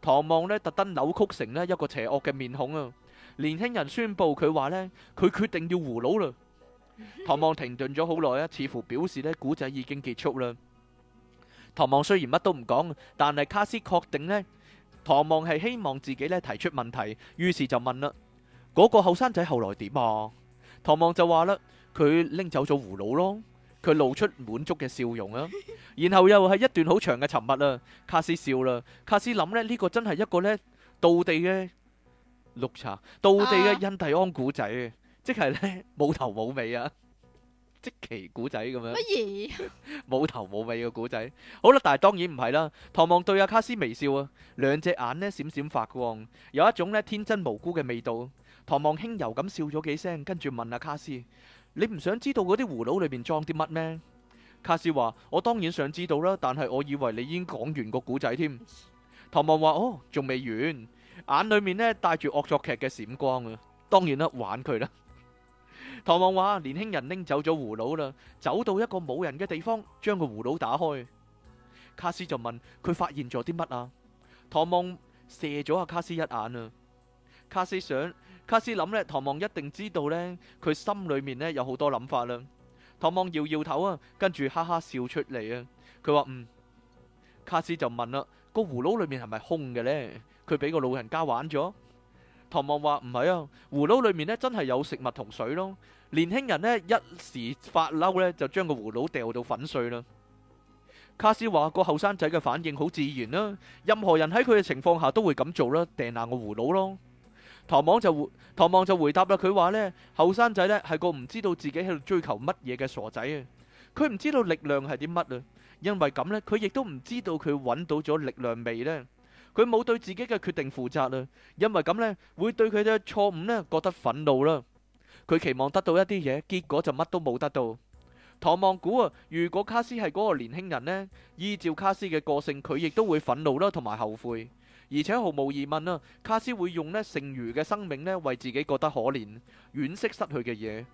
唐望呢，特登扭曲成呢一個邪惡嘅面孔啊！年輕人宣布佢話呢，佢決定要葫蘆啦。唐望停頓咗好耐啊，似乎表示呢，古仔已經結束啦。唐望雖然乜都唔講，但係卡斯確定呢，唐望係希望自己呢提出問題，於是就問啦。嗰個後生仔後來點啊？唐望就話啦，佢拎走咗葫蘆咯，佢露出滿足嘅笑容啊。然後又係一段好長嘅沉默啊。卡斯笑啦，卡斯諗咧，呢個真係一個咧道地嘅綠茶，道地嘅印第安古仔，即係咧冇頭冇尾啊，即奇古仔咁樣，乜嘢冇頭冇尾嘅古仔？好啦，但係當然唔係啦。唐望對阿卡斯微笑啊，兩隻眼咧閃閃發光，有一種咧天真無辜嘅味道。唐望輕柔咁笑咗幾聲，跟住問阿、啊、卡斯，你唔想知道嗰啲葫蘆裏面裝啲乜咩？卡斯話，我當然想知道啦，但係我以為你已經講完個古仔添。唐望話，哦，仲未完，眼裏面呢，帶住惡作劇嘅閃光啊！當然啦，玩佢啦。 唐望話，年輕人拎走咗葫蘆啦，走到一個冇人嘅地方，將個葫蘆打開。卡斯就問，佢發現咗啲乜啊？唐望射咗阿、啊、卡斯一眼啊！卡斯想。卡斯諗呢，唐望一定知道呢，佢心裏面呢有好多諗法啦。唐望搖搖頭啊，跟住哈哈笑出嚟啊。佢話嗯，卡斯就問啦，個葫蘆裏面係咪空嘅呢？佢俾個老人家玩咗。唐望話唔係啊，葫蘆裏面呢真係有食物同水咯。年輕人呢，一時發嬲呢，就將個葫蘆掉到粉碎啦。卡斯話個後生仔嘅反應好自然啦，任何人喺佢嘅情況下都會咁做啦，掟爛個葫蘆咯。唐望就回，唐望就回答啦。佢話呢，後生仔呢係個唔知道自己喺度追求乜嘢嘅傻仔啊。佢唔知道力量係啲乜啊。因為咁呢，佢亦都唔知道佢揾到咗力量未呢。佢冇對自己嘅決定負責啊。因為咁呢，會對佢嘅錯誤呢覺得憤怒啦。佢期望得到一啲嘢，結果就乜都冇得到。唐望估啊，如果卡斯係嗰個年輕人呢，依照卡斯嘅個性，佢亦都會憤怒啦，同埋後悔。而且毫無疑問啦，卡斯會用咧剩餘嘅生命咧為自己覺得可憐，惋惜失去嘅嘢。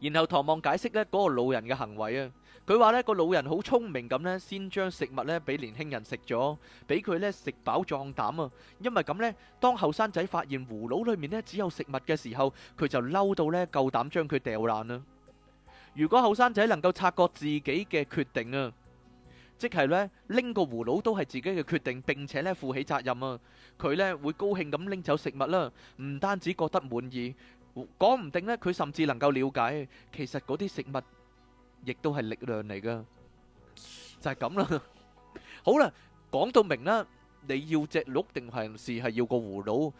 然後唐望解釋咧嗰個老人嘅行為啊，佢話呢個老人好聰明咁呢先將食物咧俾年輕人食咗，俾佢呢食飽壯膽啊。因為咁呢，當後生仔發現葫蘆裏面呢只有食物嘅時候，佢就嬲到呢夠膽將佢掉爛啊。如果後生仔能夠察覺自己嘅決定啊。即係咧，拎個葫蘆都係自己嘅決定，並且咧負起責任啊！佢咧會高興咁拎走食物啦，唔單止覺得滿意，講唔定咧佢甚至能夠了解，其實嗰啲食物亦都係力量嚟噶，就係咁啦。好啦，講到明啦，你要隻鹿定還是係要個葫蘆？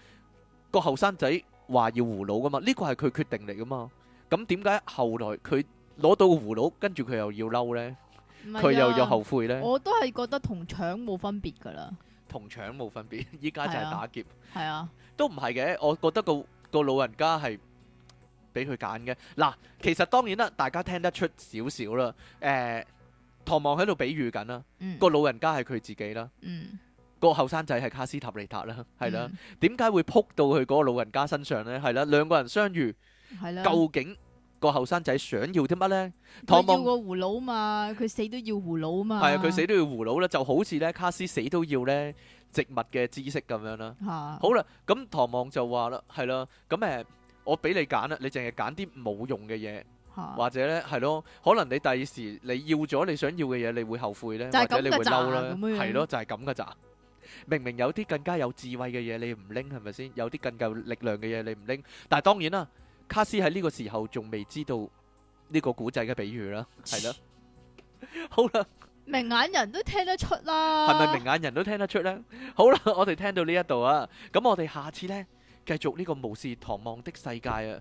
個後生仔話要葫蘆噶嘛，呢個係佢決定嚟噶嘛？咁點解後來佢攞到個葫蘆，跟住佢又要嬲咧？佢、啊、又有後悔呢？我都係覺得同搶冇分別噶啦，同搶冇分別，依家就係打劫，係啊，啊都唔係嘅，我覺得個個老人家係俾佢揀嘅。嗱、啊，其實當然啦，大家聽得出少少啦。誒、欸，唐望喺度比喻緊啦，嗯、個老人家係佢自己啦，嗯、個後生仔係卡斯塔尼達啦，係啦，點解、嗯、會撲到去嗰個老人家身上呢？係啦，兩個人相遇，的究竟？個後生仔想要啲乜咧？唐望要個葫蘆嘛，佢死都要葫蘆嘛。係啊，佢死都要葫蘆啦，就好似咧卡斯死都要咧植物嘅知識咁樣啦。吓，好啦，咁唐望就話啦，係啦，咁誒，我俾你揀啦，你淨係揀啲冇用嘅嘢，或者咧係咯，可能你第二時你要咗你想要嘅嘢，你會後悔咧，或者你會嬲咧，係咯，就係咁㗎咋。明明有啲更加有智慧嘅嘢，你唔拎係咪先？有啲更夠力量嘅嘢，你唔拎，但係當然啦。卡斯喺呢個時候仲未知道呢個古仔嘅比喻啦，係啦 了，好啦，明眼人都聽得出啦，係咪明眼人都聽得出咧？好啦，我哋聽到呢一度啊，咁我哋下次咧繼續呢個巫士唐望的世界啊。